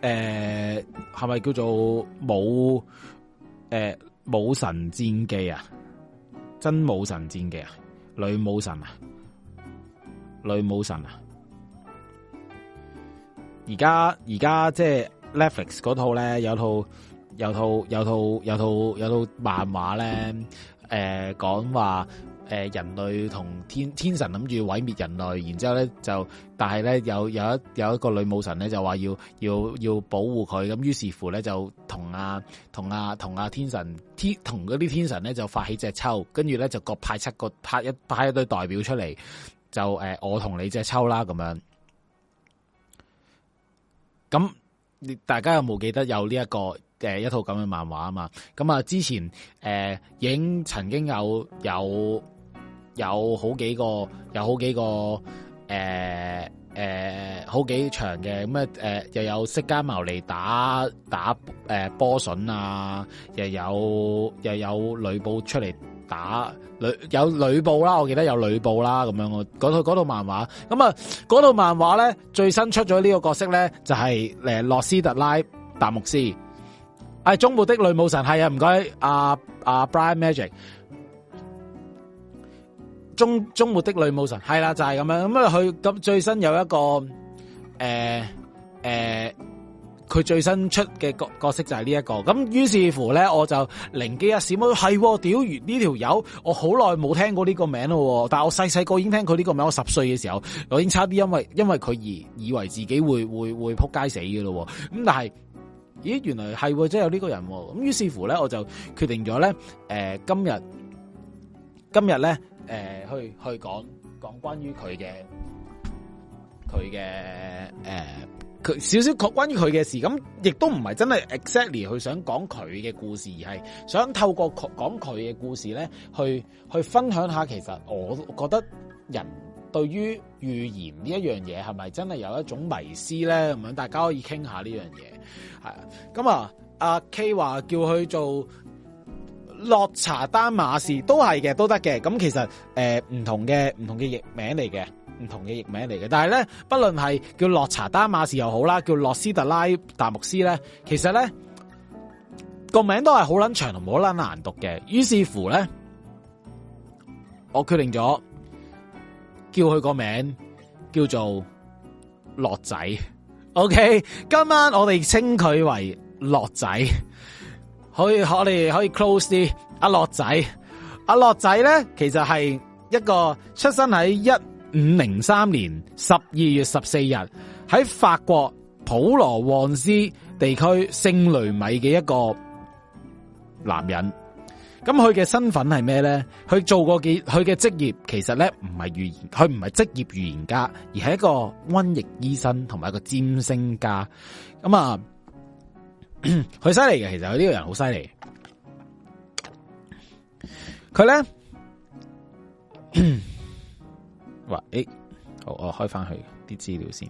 A: 誒，係咪叫做武誒武神戰記啊？真武神戰記啊？女武神啊？女武神啊？而家而家即係 Netflix 嗰套咧，有套有套有套有套有套有套有套漫畫咧，誒、欸，講話。誒，人類同天天神諗住毀滅人類，然之後咧就，但係咧有有一有一個女武神咧就話要要要保護佢，咁於是乎咧就同阿同啊同阿、啊啊、天神天同嗰啲天神咧就發起隻抽，跟住咧就各派七個派一派一隊代表出嚟，就誒我同你隻抽啦咁樣。咁大家有冇記得有呢、這、一個誒一套咁嘅漫畫啊？嘛，咁啊之前誒、呃、影曾經有有。有好幾個，有好幾個，誒、呃、誒、呃，好幾場嘅，咁啊，誒、呃、又有釋迦牟尼打打誒、呃、波旬啊，又有又有呂布出嚟打，呂有呂布啦，我記得有呂布啦，咁樣我嗰套套漫畫，咁啊嗰套漫畫咧最新出咗呢個角色咧就係誒諾斯特拉達姆斯，係終末的女武神，係啊，唔該阿阿 Brian Magic。終終末的女武神係啦、啊，就係、是、咁樣咁啊！佢、嗯、咁、嗯嗯、最新有一個誒誒，佢、欸欸、最新出嘅角角色就係呢一個咁。於、嗯、是乎咧，我就靈機一閃，我係屌完呢條友，我好耐冇聽過呢個名咯。但係我細細個已經聽佢呢個名，我十歲嘅時候我已經差啲因為因為佢而以,以為自己會會會扑街死噶咯。咁、嗯、但係，咦，原來係真係有呢個人咁、啊。於、嗯、是乎咧，我就決定咗咧，誒、呃，今日今日咧。誒、呃，去去講講關於佢嘅佢嘅誒，佢少少關於佢嘅事，咁亦都唔係真係 exactly 去想講佢嘅故事，而係想透過講佢嘅故事咧，去去分享一下其實我覺得人對於預言呢一樣嘢係咪真係有一種迷思咧？咁樣大家可以傾下呢樣嘢，係啊，咁啊，阿 K 話叫佢做。洛查丹馬士都係嘅，都得嘅。咁其實誒唔同嘅唔同嘅譯名嚟嘅，唔同嘅譯名嚟嘅。但係咧，不論係叫洛查丹馬士又好啦，叫洛斯特拉達慕斯咧，其實咧個名都係好捻長同好捻難讀嘅。於是乎咧，我決定咗叫佢個名叫做洛仔。OK，今晚我哋稱佢為洛仔。可以，我哋可以 close 啲。阿樂仔，阿樂仔咧，其實係一個出生喺一五零三年十二月十四日喺法國普羅旺斯地區聖雷米嘅一個男人。咁佢嘅身份係咩咧？佢做過嘅，佢嘅職業其實咧唔係預言，佢唔係職業預言家，而係一個瘟疫醫生同埋一個占星家。咁啊。佢犀利嘅，其實佢呢個人好犀利。佢咧，喂，誒， 好，我先開翻去啲資料先。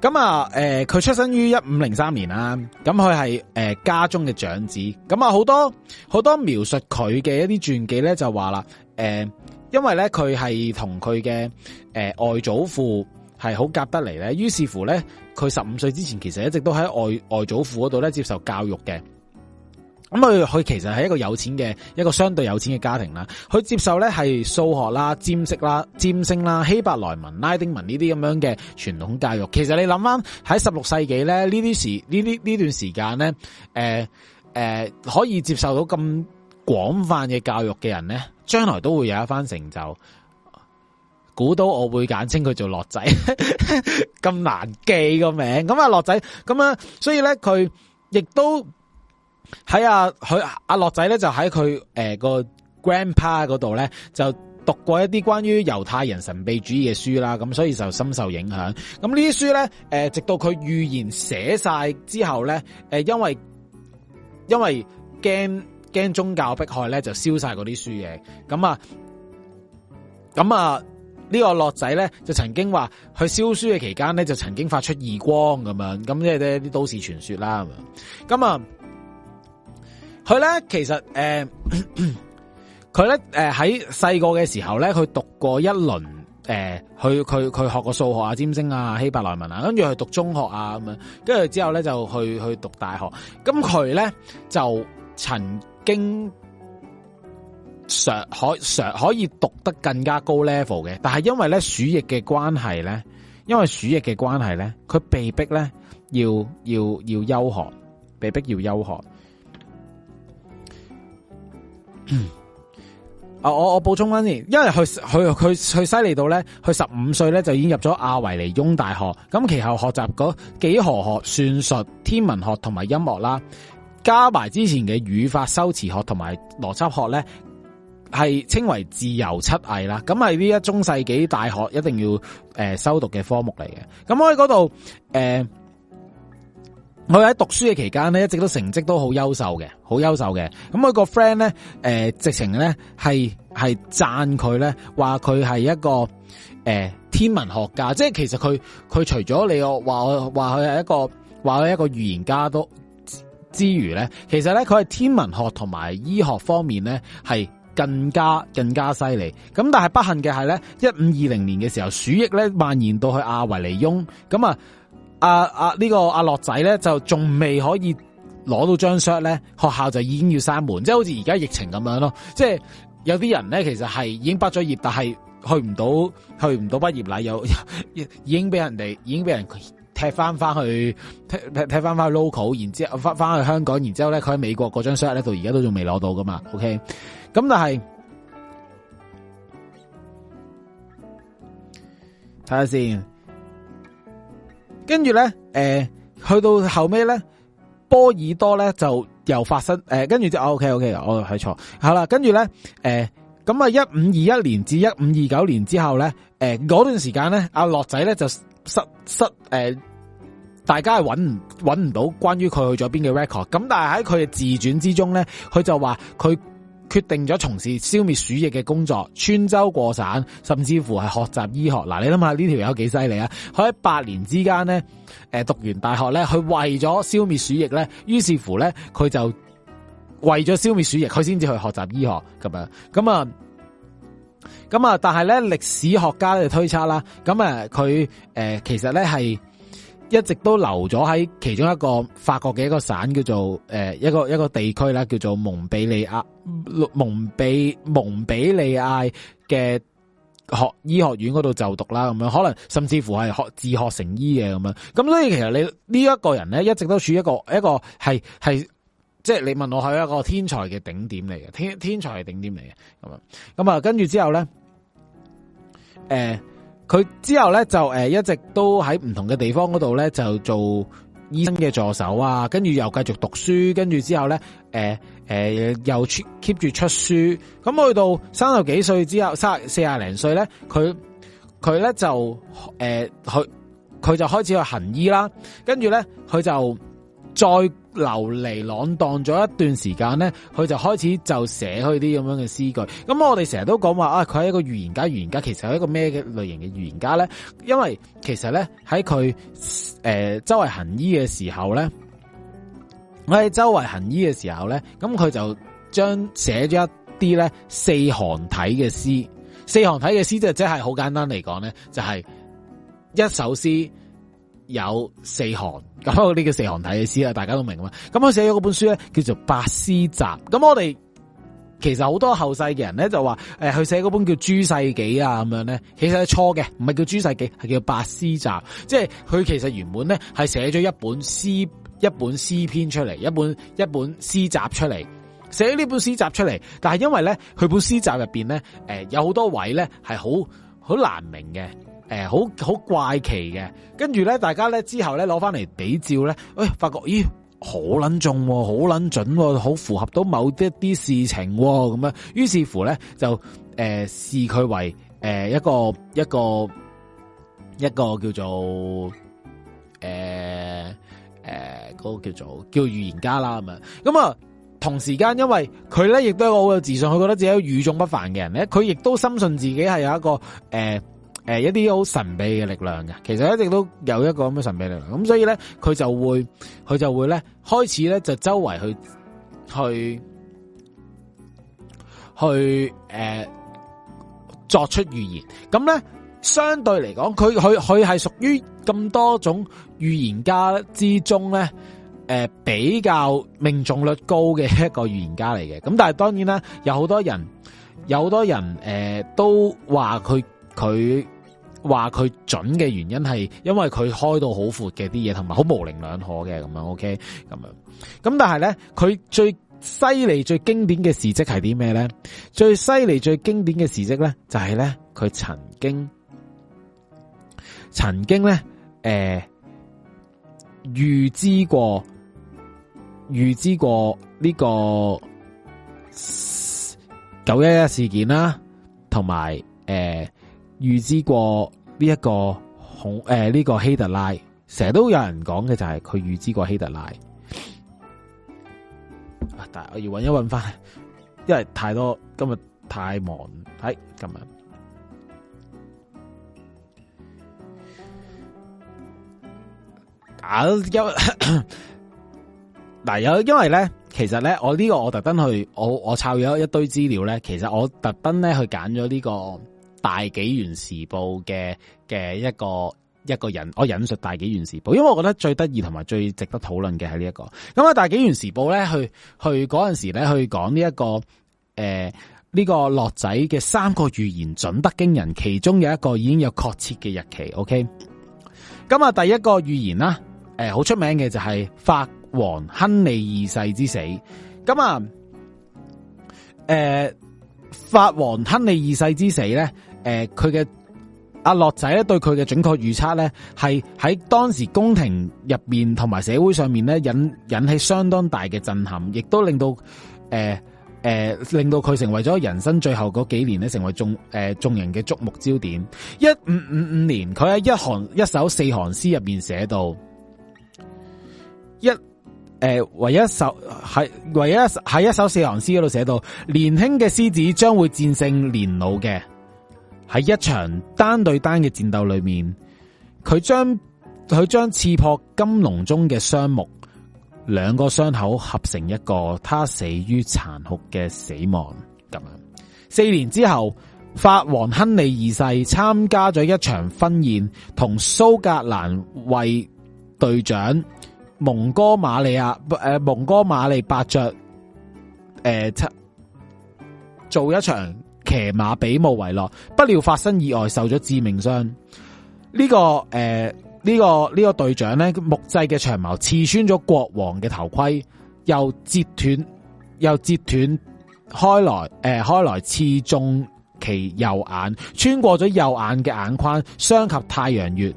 A: 咁啊，誒、呃，佢出生於一五零三年啦。咁佢係誒家中嘅長子。咁啊，好多好多描述佢嘅一啲傳記咧，就話啦，誒，因為咧佢係同佢嘅誒外祖父。係好夾得嚟咧，於是乎咧，佢十五歲之前其實一直都喺外外祖父嗰度咧接受教育嘅。咁佢佢其實係一個有錢嘅一個相對有錢嘅家庭啦。佢接受咧係數學啦、占識啦、占星啦、希伯來文、拉丁文呢啲咁樣嘅傳統教育。其實你諗翻喺十六世紀咧呢啲時呢啲呢段時間咧，誒、呃、誒、呃、可以接受到咁廣泛嘅教育嘅人咧，將來都會有一番成就。估到我會簡稱佢做樂仔， 咁難記個名。咁啊，樂仔咁啊，所以咧，佢亦都喺啊，佢阿樂仔咧就喺佢誒個 grandpa 嗰度咧，就讀過一啲關於猶太人神秘主義嘅書啦。咁所以就深受影響。咁呢啲書咧，誒，直到佢預言寫晒之後咧，誒，因為因為驚驚宗教迫害咧，就燒晒嗰啲書嘅。咁啊，咁啊。呢個樂仔咧，就曾經話佢燒書嘅期間咧就曾經發出異光咁樣，咁即係啲都市傳說啦咁樣。咁啊，佢咧其實誒，佢咧誒喺細個嘅時候咧，佢讀過一輪誒，去佢佢學過數學啊、占星啊、希伯來文啊，跟住去讀中學啊咁樣，跟住之後咧就去去讀大學。咁佢咧就曾經，常可常可以讀得更加高 level 嘅，但係因為咧鼠疫嘅關係呢，因為鼠疫嘅關係呢，佢被逼呢要要要休學，被逼要休學。啊， 我我，我補充翻先，因為佢佢佢佢犀利到呢，佢十五歲呢就已經入咗阿維尼翁大學，咁其後學習嗰幾何學、算術、天文學同埋音樂啦，加埋之前嘅語法、修辭學同埋邏輯學咧。係稱為自由七藝啦，咁係呢一中世紀大學一定要誒呃、修讀嘅科目嚟嘅。咁我喺嗰度誒，我、呃、喺讀書嘅期間咧，一直都成績都好優秀嘅，好優秀嘅。咁佢個 friend 咧，誒、呃，直情咧係係讚佢咧，話佢係一個誒、呃、天文學家，即係其實佢佢除咗你話話佢係一個話佢一個預言家都之餘咧，其實咧佢係天文學同埋醫學方面咧係。更加更加犀利，咁但係不幸嘅係咧，一五二零年嘅時候，鼠疫咧蔓延到去亞維尼翁，咁啊啊、這個、啊樂，呢個阿樂仔咧就仲未可以攞到張 shot 咧，學校就已經要閂門，即、就、係、是、好似而家疫情咁樣咯，即、就、係、是、有啲人咧其實係已經畢咗業，但係去唔到去唔到畢業禮，有，有已經俾人哋已經俾人踢翻翻去踢踢翻翻去 local，然之後翻翻去香港，然之後咧佢喺美國嗰張 shot 咧到而家都仲未攞到噶嘛，ok。咁就係睇下先，跟住咧，誒、呃，去到後尾咧，波爾多咧就又發生，誒、呃，跟住就，O K，O K，我睇錯，好啦，跟住咧，誒、呃，咁啊，一五二一年至一五二九年之後咧，誒、呃，嗰段時間咧，阿樂仔咧就失失，誒、呃，大家係搵唔搵唔到關於佢去咗邊嘅 record，咁但係喺佢嘅自傳之中咧，佢就話佢。決定咗從事消滅鼠疫嘅工作，穿州過省，甚至乎係學習醫學。嗱，你諗下呢條友幾犀利啊！佢喺八年之間咧，誒，讀完大學咧，佢為咗消滅鼠疫咧，於是乎咧，佢就為咗消滅鼠疫，佢先至去學習醫學咁樣。咁啊，咁啊，但係咧，歷史學家咧就推測啦，咁啊，佢、呃、誒，其實咧係。一直都留咗喺其中一個法國嘅一個省，叫做誒、呃、一個一個地區啦，叫做蒙彼利埃蒙彼蒙彼利埃嘅學醫學院嗰度就讀啦，咁樣可能甚至乎係學自學成醫嘅咁樣。咁所以其實你呢一、這個人咧，一直都處一個一個係係即係你問我係一個天才嘅頂點嚟嘅，天天才嘅頂點嚟嘅咁樣。咁啊，跟住之後咧，誒、呃。佢之後咧就誒一直都喺唔同嘅地方嗰度咧就做醫生嘅助手啊，跟住又繼續讀書，跟住之後咧誒誒又 keep 住出書，咁去到三十幾歲之後，三四廿零歲咧，佢佢咧就誒佢佢就開始去行醫啦，跟住咧佢就。再流離浪蕩咗一段時間咧，佢就開始就寫佢啲咁樣嘅詩句。咁我哋成日都講話啊，佢係一個預言家，預言家其實係一個咩嘅類型嘅預言家咧？因為其實咧喺佢誒周圍行醫嘅時候咧，喺周圍行醫嘅時候咧，咁佢就將寫咗一啲咧四行體嘅詩，四行體嘅詩即係即係好簡單嚟講咧，就係一首詩。有四行，咁、這、呢個四行體嘅詩啊，大家都明嘛？咁佢寫咗嗰本書咧，叫做《百詩集》。咁我哋其實好多後世嘅人咧，就話誒，佢寫嗰本叫《諸世紀》啊，咁樣咧，其實係錯嘅，唔係叫《諸世紀》，係叫《百詩集》。即係佢其實原本咧係寫咗一本詩，一本詩篇出嚟，一本一本詩集出嚟，寫咗呢本詩集出嚟。但係因為咧，佢本詩集入邊咧，誒，有好多位咧係好好難明嘅。誒，好好、呃、怪奇嘅，跟住咧，大家咧之後咧攞翻嚟比照咧，喂、哎，發覺咦，好捻中，好捻準、啊，好符合到某一啲事情咁、啊、樣，於是乎咧就誒、呃、視佢為誒、呃、一個一個一個叫做誒誒嗰個叫做叫做預言家啦咁樣，咁啊，同時間因為佢咧亦都係一個好有自信，佢覺得自己係一與眾不不凡嘅人咧，佢亦都深信自己係有一個誒。呃誒，一啲好神秘嘅力量嘅，其實一直都有一個咁嘅神秘力量，咁所以咧，佢就會，佢就會咧，開始咧就周圍去，去，去誒，作出預言。咁咧，相對嚟講，佢佢佢係屬於咁多種預言家之中咧，誒比較命中率高嘅一個預言家嚟嘅。咁但係當然啦，有好多人，有好多人，誒都話佢佢。話佢準嘅原因係因為佢開到好闊嘅啲嘢，同埋好模棱兩可嘅咁樣，OK，咁樣。咁、OK？但係咧，佢最犀利、最經典嘅事跡係啲咩咧？最犀利、最經典嘅事跡咧，就係、是、咧，佢曾經，曾經咧，誒、呃，預知過，預知過呢、這個九一一事件啦、啊，同埋誒。呃預知過呢、這、一個恐誒呢個希特拉，成日都有人講嘅就係佢預知過希特拉。但係我要搵一搵翻，因為太多今日太忙。喺、哎、今日啊嗱有， 有因為咧，其實咧我呢個我特登去我我抄咗一堆資料咧，其實我特登咧去揀咗呢個。《大紀元時報》嘅嘅一個一個人，我引述《大紀元時報》，因為我覺得最得意同埋最值得討論嘅係呢一個。咁啊，《大紀元時報》呢咧去去嗰陣時咧去講呢一個誒呢、呃這個樂仔嘅三個預言準得驚人，其中有一個已經有確切嘅日期。OK，咁啊，第一個預言啦，誒、呃，好出名嘅就係法王亨利二世之死。咁啊，誒、呃，法王亨利二世之死咧。誒，佢嘅阿樂仔咧，對佢嘅準確預測咧係喺當時宮廷入面同埋社會上面咧引引起相當大嘅震撼，亦都令到誒誒、呃呃，令到佢成為咗人生最後嗰幾年咧，成為眾誒眾人嘅矚目焦點。一五五五年，佢喺一行一首四行詩入面寫到一誒、呃，唯一一首係唯一一首喺一首四行詩嗰度寫到，年輕嘅獅子將會戰勝年老嘅。喺一場單對單嘅戰鬥裏面，佢將佢將刺破金籠中嘅雙目，兩個傷口合成一個，他死於殘酷嘅死亡。咁樣，四年之後，法王亨利二世參加咗一場婚宴，同蘇格蘭衛隊長蒙哥馬利亞誒、呃、蒙哥馬利伯爵誒、呃，做一場。騎馬比武為樂，不料發生意外，受咗致命傷。這個呃這個這個，隊長呢個誒，呢個呢個隊長木製嘅長矛刺穿咗國王嘅頭盔，又折斷，又折斷開來，誒、呃，開來刺中其右眼，穿過咗右眼嘅眼眶，傷及太陽穴。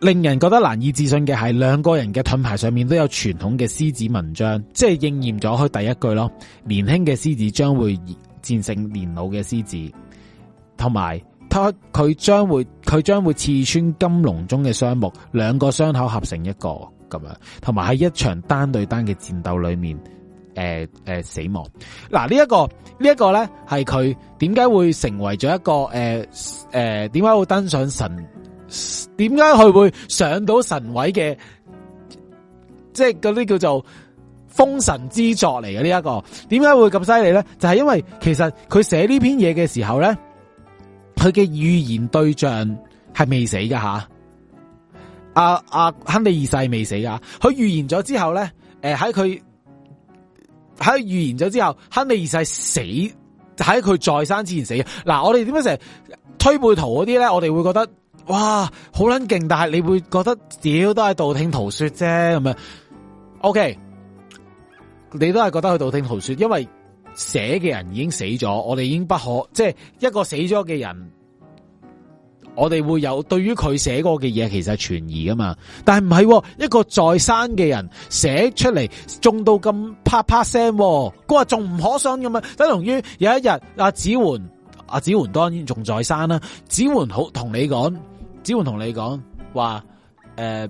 A: 令人覺得難以置信嘅係，兩個人嘅盾牌上面都有傳統嘅獅子紋章，即係應驗咗佢第一句咯。年輕嘅獅子將會戰勝年老嘅獅子，同埋他佢將會佢將會刺穿金籠中嘅雙目，兩個傷口合成一個咁樣，同埋喺一場單對單嘅戰鬥裏面，誒、呃、誒、呃、死亡。嗱呢一個呢一個呢係佢點解會成為咗一個誒誒點解會登上神？點解佢會上到神位嘅？即係嗰啲叫做封神之作嚟嘅呢一個？點解會咁犀利咧？就係、是，因為其實佢寫呢篇嘢嘅時候咧，佢嘅預言對象係未死嘅吓。阿、啊、阿、啊、亨利二世未死噶，佢預言咗之後咧，誒喺佢喺預言咗之後，亨利二世死喺佢再生之前死嘅。嗱、啊，我哋點解成日推背圖嗰啲咧？我哋會覺得。哇，好撚勁！但係你會覺得屌都係道聽途說啫咁樣。O、okay, K，你都係覺得佢道聽途說，因為寫嘅人已經死咗，我哋已經不可即係、就是、一個死咗嘅人，我哋會有對於佢寫過嘅嘢，其實存疑噶嘛。但係唔係一個在生嘅人寫出嚟，中到咁啪啪聲、哦，佢話仲唔可信咁樣，等同於有一日阿、啊、子桓、阿、啊、子桓當然仲在生啦。子桓好同你講。只會同你講話，誒、呃，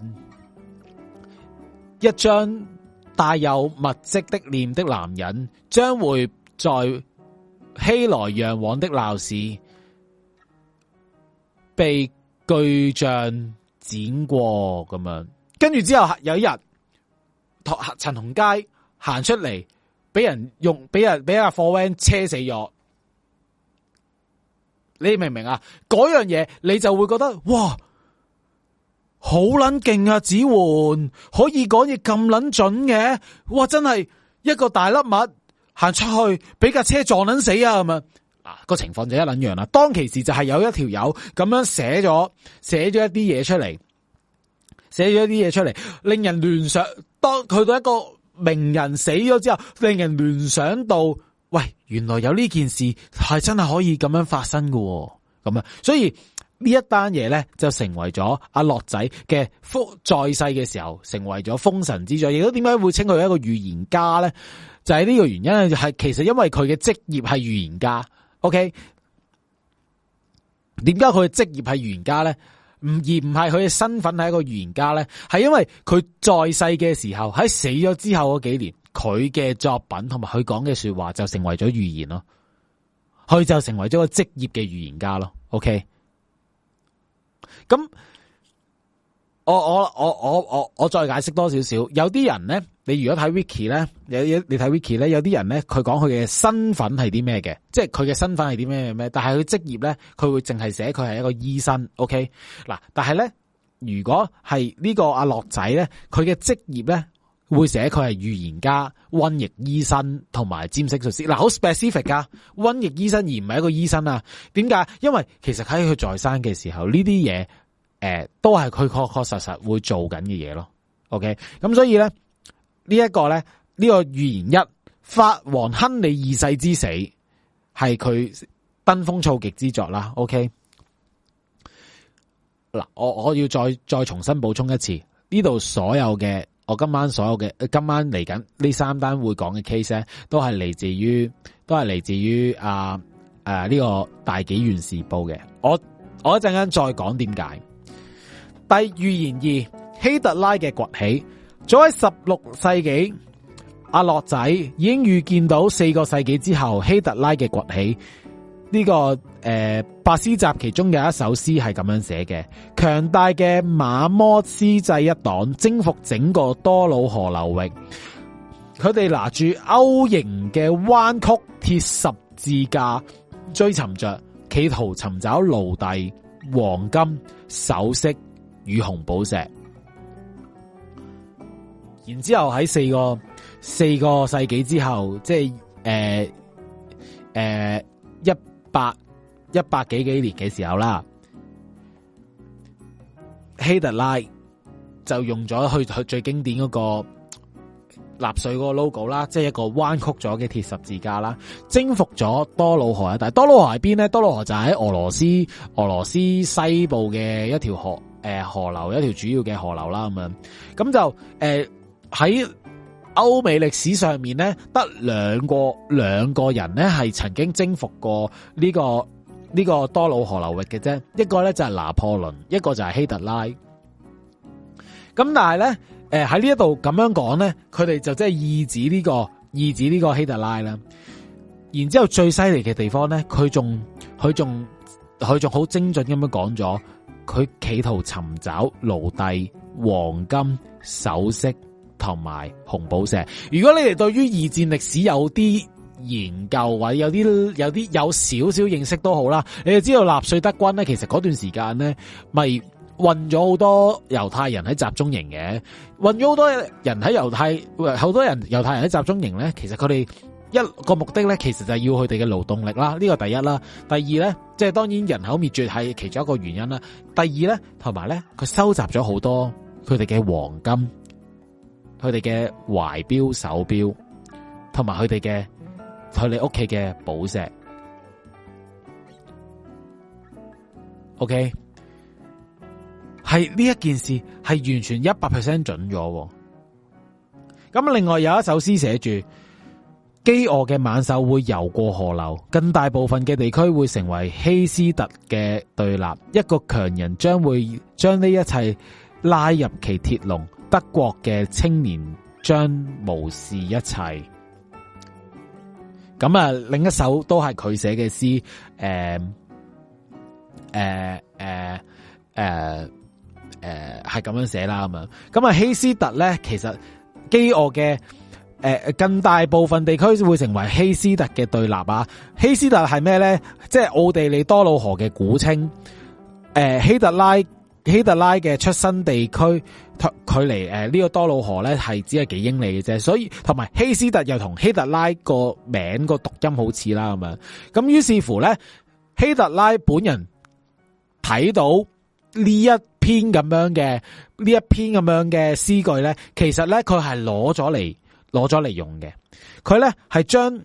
A: 一張帶有物跡的臉，的男人，將會在熙來攘往的鬧市被巨像剪過咁樣，跟住之後有一日，陳同佳行出嚟，俾人用俾人俾阿貨 Van 車死咗。你明唔明啊？嗰樣嘢你就會覺得哇，好捻勁啊！指換可以講嘢咁捻準嘅，哇！真係一個大粒物行出去，俾架車撞捻死啊！咁啊，嗱，個情況就一捻樣啦。當其時就係有一條友咁樣寫咗，寫咗一啲嘢出嚟，寫咗一啲嘢出嚟，令人聯想。當佢到一個名人死咗之後，令人聯想到。喂，原來有呢件事係真係可以咁樣發生嘅。哦，咁啊，所以這呢一單嘢咧就成為咗阿，啊，樂仔嘅福在世嘅時候，成為咗封神之作。亦都點解會稱佢為一個預言家咧？就係、是、呢個原因，就係其實因為佢嘅職業係預言家。O K，點解佢嘅職業係預言家咧？唔而唔係佢嘅身份係一個預言家咧，係因為佢在世嘅時候喺死咗之後嗰幾年。佢嘅作品同埋佢講嘅說話就成為咗預言咯，佢就成為咗個職業嘅預言家咯。OK，咁我我我我我我再解釋多少少。有啲人咧，你如果睇 Wiki 咧，有啲你睇 Wiki 咧，有啲人咧，佢講佢嘅身份係啲咩嘅？即係佢嘅身份係啲咩咩？但係佢職業咧，佢會淨係寫佢係一個醫生。OK，嗱，但係咧，如果係呢個阿樂仔咧，佢嘅職業咧。會寫佢係預言家、瘟疫醫生同埋占星術師，嗱，好 specific 噶瘟疫醫生而唔係一個醫生啊？點解？因為其實喺佢在生嘅時候，呢啲嘢誒都係佢確確實實會做緊嘅嘢咯。OK，咁所以咧，呢一個咧，呢個預言一，法王亨利二世之死係佢登峰造極之作啦。OK，嗱，我我要再再重新補充一次，呢度所有嘅。我今晚所有嘅今晚嚟緊呢三單會講嘅 case 咧，都係嚟自於都係嚟自於阿誒呢個大紀元時報嘅。我我一陣間再講點解。第預言二，希特拉嘅崛起，早喺十六世紀，阿樂仔已經預見到四個世紀之後希特拉嘅崛起呢個。誒，百詩集其中有一首詩係咁樣寫嘅：強大嘅馬摩斯祭一黨征服整個多瑙河流域，佢哋拿住歐形嘅彎曲鐵十字架，追尋着企圖尋找奴隸、黃金、首飾與紅寶石。然之後喺四個四個世紀之後，即係誒誒一百。一百幾幾年嘅時候啦，希特拉就用咗去去最經典嗰個納粹嗰個 logo 啦，即係一個彎曲咗嘅鐵十字架啦，征服咗多瑙河啊！但係多瑙河喺邊咧？多瑙河就喺俄羅斯俄羅斯西部嘅一條河，誒、呃，河流一條主要嘅河流啦，咁樣咁就誒喺歐美歷史上面咧，得兩個兩個人咧係曾經征服過呢、這個。呢個多瑙河流域嘅啫，一個咧就係拿破崙，一個就係希特拉。咁但係咧，誒喺呢一度咁樣講咧，佢哋就即係意指呢個意指呢個希特拉啦。然之後最犀利嘅地方咧，佢仲佢仲佢仲好精準咁樣講咗，佢企圖尋找奴隸、黃金、首飾同埋紅寶石。如果你哋對於二戰歷史有啲，研究，或者有啲有啲有少少認識都好啦，你就知道納粹德軍咧，其實嗰段時間咧，咪運咗好多猶太人喺集中營嘅，運咗好多人喺猶太，好多人猶太人喺集中營咧，其實佢哋一個目的咧，其實就係要佢哋嘅勞動力啦，呢個第一啦，第二咧，即係當然人口滅絕係其中一個原因啦，第二咧，同埋咧，佢收集咗好多佢哋嘅黃金，佢哋嘅懷表、手表，同埋佢哋嘅。去你屋企嘅寶石，OK，係呢一件事係完全一百 percent 準咗。咁另外有一首詩寫住：飢餓嘅猛獸會游過河流，更大部分嘅地區會成為希斯特嘅對立。一個強人將會將呢一切拉入其鐵籠。德國嘅青年將無視一切。咁啊，另一首都係佢寫嘅詩，誒、呃，誒、呃，誒、呃，誒、呃，誒、呃，係、呃、咁樣寫啦咁樣。咁啊，希斯特咧，其實飢餓嘅，誒、呃，更大部分地區會成為希斯特嘅對立啊。希斯特係咩咧？即係奧地利多瑙河嘅古稱，誒、呃，希特拉。希特拉嘅出生地區，佢離誒呢個多瑙河咧係只係幾英里嘅啫，所以同埋希斯特又同希特拉個名個讀音好似啦咁樣，咁於是乎咧，希特拉本人睇到呢一篇咁樣嘅呢一篇咁樣嘅詩句咧，其實咧佢係攞咗嚟攞咗嚟用嘅，佢咧係將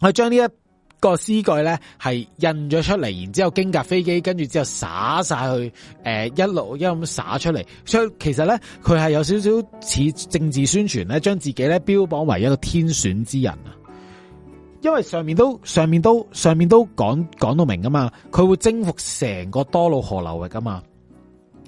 A: 係將呢一。個詩句咧係印咗出嚟，然之後經架飛機，跟住之後灑晒去，誒、呃、一路一路咁灑出嚟。所以其實咧，佢係有少少似政治宣傳咧，將自己咧標榜為一個天選之人啊。因為上面都上面都上面都講講到明噶嘛，佢會征服成個多瑙河流域噶嘛，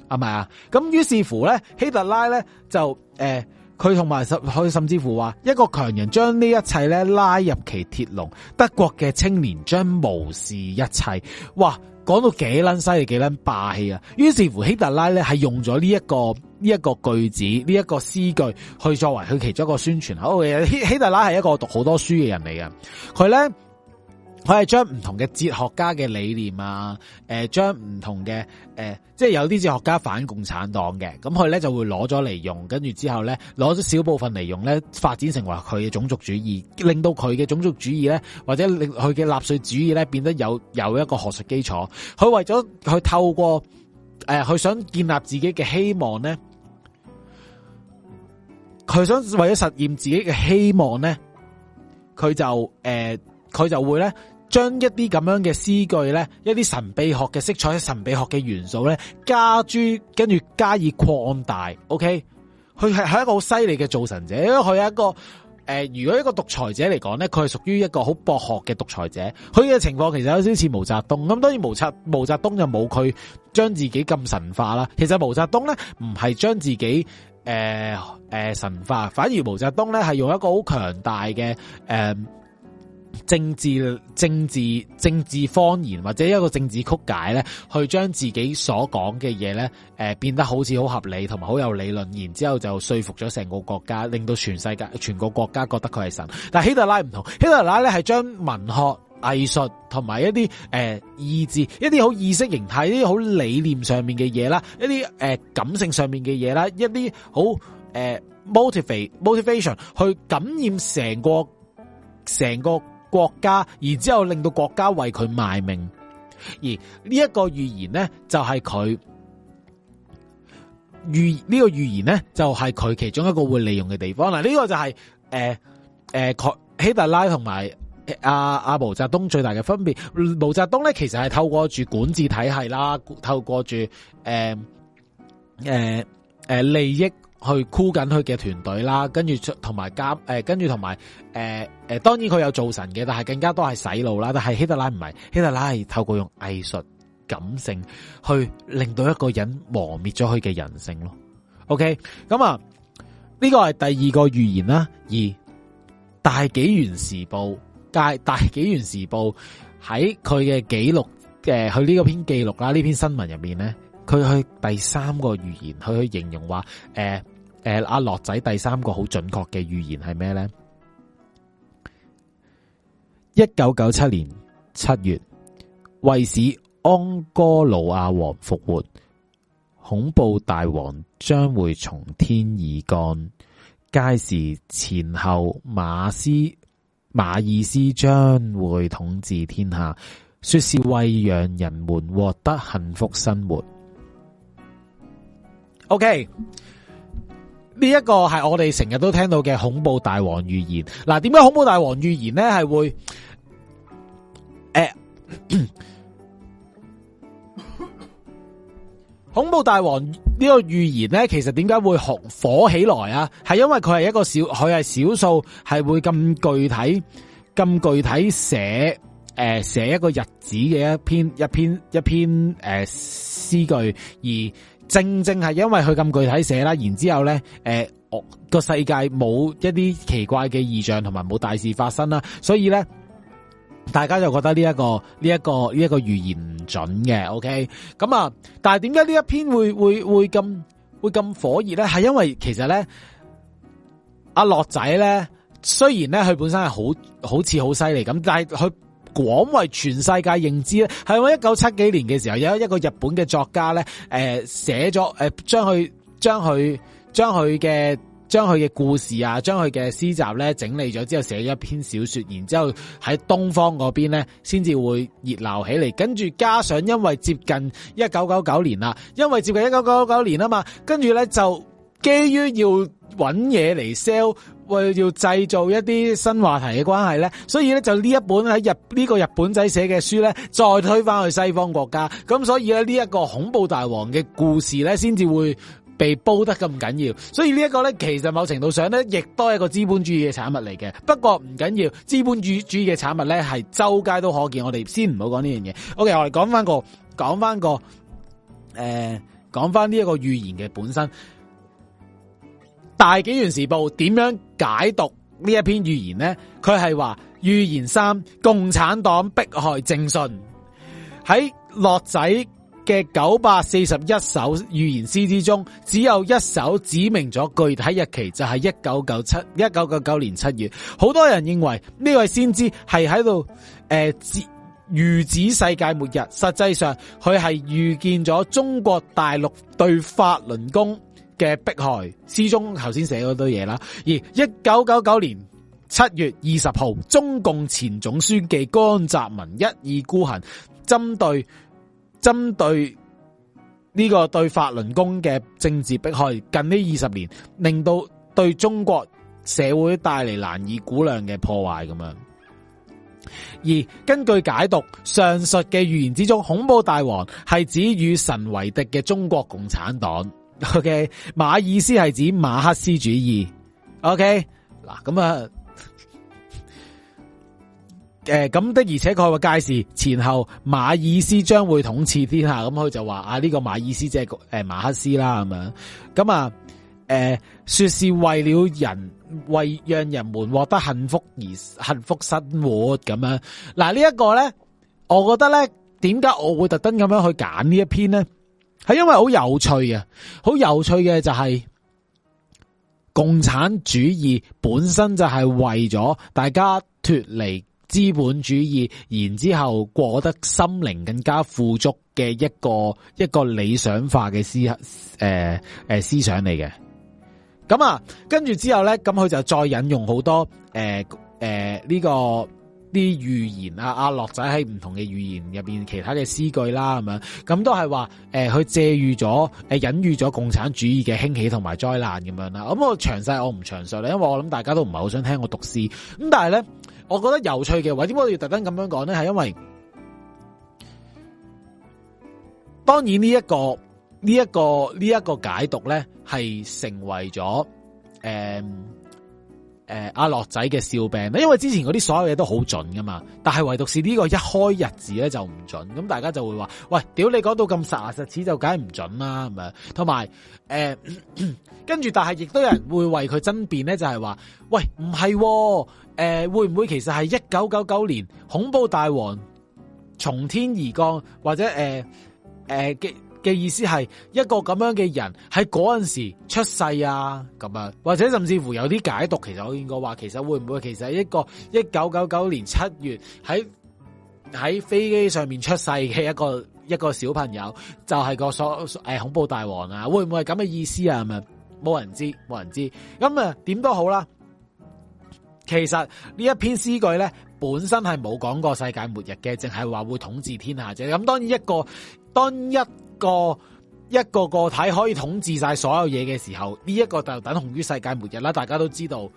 A: 係咪啊？咁於是乎咧，希特拉咧就誒。呃佢同埋甚佢甚至乎話一個強人將呢一切咧拉入其鐵籠，德國嘅青年將無視一切。哇，講到幾撚犀利，幾撚霸氣啊！於是乎希特拉咧係用咗呢一個呢一個句子呢一個詩句去作為佢其中一個宣傳。好嘅，希希特拉係一個讀好多書嘅人嚟嘅，佢咧。佢係將唔同嘅哲學家嘅理念啊，誒、呃，將唔同嘅，誒、呃，即係有啲哲學家反共產黨嘅，咁佢咧就會攞咗嚟用，跟住之後咧，攞咗小部分嚟用咧，發展成為佢嘅種族主義，令到佢嘅種族主義咧，或者令佢嘅納粹主義咧，變得有有一個學術基礎。佢為咗去透過，誒、呃，佢想建立自己嘅希望咧，佢想為咗實現自己嘅希望咧，佢就誒。呃佢就會咧，將一啲咁樣嘅詩句咧，一啲神秘學嘅色彩、神秘學嘅元素咧，加注，跟住加以擴大。OK，佢係係一個好犀利嘅造神者，因為佢係一個誒、呃，如果一個獨裁者嚟講咧，佢係屬於一個好博學嘅獨裁者。佢嘅情況其實有少少似毛澤東。咁當然毛澤毛澤東就冇佢將自己咁神化啦。其實毛澤東咧唔係將自己誒誒、呃呃、神化，反而毛澤東咧係用一個好強大嘅誒。呃政治、政治、政治謊言或者一個政治曲解咧，去將自己所講嘅嘢咧，誒、呃、變得好似好合理，同埋好有理論，然之後就說服咗成個國家，令到全世界、全個國家覺得佢係神。但希特拉唔同，希特拉咧係將文學、藝術同埋一啲誒、呃、意志、一啲好意識形態、一啲好理念上面嘅嘢啦，一啲誒、呃、感性上面嘅嘢啦，一啲好誒、呃、motivate motivation 去感染成個成個。整個國家，而之後令到國家為佢賣命，而呢一個預言咧，就係、是、佢預呢、這個預言咧，就係、是、佢其中一個會利用嘅地方啦，呢、這個就係誒誒，佢、呃呃、希特拉同埋阿阿毛澤東最大嘅分別，毛澤東咧其實係透過住管治體係啦，透過住誒誒誒利益。去箍緊佢嘅團隊啦，跟住同埋監誒，跟住同埋誒誒，當然佢有造神嘅，但係更加多係洗腦啦。但係希特拉唔係，希特拉係透過用藝術感性去令到一個人磨滅咗佢嘅人性咯。OK，咁、嗯、啊，呢、這個係第二個預言啦。二大紀元時報，大大紀元時報喺佢嘅記錄，誒、呃，佢呢個篇記錄啦，呢篇新聞入面咧，佢去第三個預言去去形容話，誒、呃。誒，阿樂仔第三個好準確嘅預言係咩呢？一九九七年七月，為使安哥魯亞王復活，恐怖大王將會從天而降，屆時前後馬斯馬爾斯將會統治天下，說是為讓人們獲得幸福生活。OK。呢一個係我哋成日都聽到嘅恐怖大王預言。嗱、啊，點解恐怖大王預言咧係會？誒、欸，恐怖大王這個預言呢個預言咧，其實點解會紅火起來啊？係因為佢係一個少，佢係少數係會咁具體、咁具體寫，誒、呃、寫一個日子嘅一篇、一篇、一篇誒詩、呃、句而。正正係因為佢咁具體寫啦，然之後咧，誒、呃，這個世界冇一啲奇怪嘅異象，同埋冇大事發生啦，所以咧，大家就覺得呢、這、一個呢一、這個呢一、這個預言唔準嘅，OK，咁啊，但係點解呢一篇會會會咁會咁火熱咧？係因為其實咧，阿、啊、樂仔咧，雖然咧佢本身係好好似好犀利咁，但係佢。廣為全世界認知咧，係我一九七幾年嘅時候，有一一個日本嘅作家咧，誒寫咗，誒將佢將佢將佢嘅將佢嘅故事啊，將佢嘅詩集咧整理咗之後，寫咗一篇小說，然之後喺東方嗰邊咧，先至會熱鬧起嚟。跟住加上因為接近一九九九年啦，因為接近一九九九年啊嘛，跟住咧就基於要搵嘢嚟 sell。要製造一啲新話題嘅關係咧，所以咧就呢一本喺日呢，這個日本仔寫嘅書咧，再推翻去西方國家，咁所以咧呢一個恐怖大王嘅故事咧，先至會被煲得咁緊要。所以呢一個咧，其實某程度上咧，亦都係一個資本主義嘅產物嚟嘅。不過唔緊要，資本主義嘅產物咧係周街都可見。我哋先唔好講呢樣嘢。O、okay, K，我哋講翻個，講翻個，誒、呃，講翻呢一個預言嘅本身。《大紀元時報》點樣解讀呢一篇預言呢？佢係話預言三共產黨迫害正信。喺落仔嘅九百四十一首預言詩之中，只有一首指明咗具體日期，就係一九九七一九九九年七月。好多人認為呢位先知係喺度誒預指世界末日，實際上佢係預見咗中國大陸對法輪功，嘅迫害，始終頭先寫嗰堆嘢啦。而一九九九年七月二十號，中共前總書記江澤民一意孤行，針對針對呢個對法輪功嘅政治迫害，近呢二十年令到對中國社會帶嚟難以估量嘅破壞咁樣。而根據解讀，上述嘅預言之中，恐怖大王係指與神為敵嘅中國共產黨。O.K. 馬爾斯係指馬克思主義。O.K. 嗱咁啊，誒 咁、呃、的而且確嘅界事前後，馬爾斯將會統治天下。咁佢就話啊，呢、這個馬爾斯即係誒馬克思啦咁樣。咁啊，誒、呃，說是為了人為讓人們獲得幸福而幸福生活咁樣。嗱、啊這個、呢一個咧，我覺得咧，點解我會特登咁樣去揀呢一篇呢？係因為好有趣啊。好有趣嘅就係共產主義本身就係為咗大家脫離資本主義，然之後過得心靈更加富足嘅一個一個理想化嘅思誒誒、呃呃、思想嚟嘅。咁啊，跟住之後咧，咁佢就再引用好多誒誒呢個。啲預言啊，阿樂仔喺唔同嘅預言入邊，其他嘅詩句啦，咁樣咁都係話，誒、呃，佢借喻咗，誒、呃，隱喻咗共產主義嘅興起同埋災難咁樣啦。咁我詳細我唔詳細啦，因為我諗大家都唔係好想聽我讀詩。咁但係咧，我覺得有趣嘅話，點解我要特登咁樣講咧？係因為，當然呢一個呢一個呢一個解讀咧，係成為咗，誒、呃。誒，阿樂、呃、仔嘅笑柄，因為之前嗰啲所有嘢都好準㗎嘛，但係唯獨是呢個一開日子咧就唔準，咁大家就會話，喂，屌你講到咁實實，實、啊，實牙實齒就梗係唔準啦，咁同埋誒，跟、呃、住但係亦都有人會為佢爭辯咧，就係、是、話，喂，唔係、哦，誒、呃，會唔會其實係一九九九年恐怖大王從天而降，或者誒誒嘅？呃呃嘅意思係一個咁樣嘅人喺嗰陣時出世啊咁啊，或者甚至乎有啲解讀，其實我見過話，其實會唔會其實一個一九九九年七月喺喺飛機上面出世嘅一個一個小朋友，就係、是、個所誒恐怖大王啊？會唔會咁嘅意思啊？係咪？冇人知冇人知。咁、嗯、啊，點都好啦。其實呢一篇詩句咧，本身係冇講過世界末日嘅，淨係話會統治天下啫。咁、嗯、當然一個當一。一個一個個體可以統治晒所有嘢嘅時候，呢、這、一個就等同於世界末日啦。大家都知道，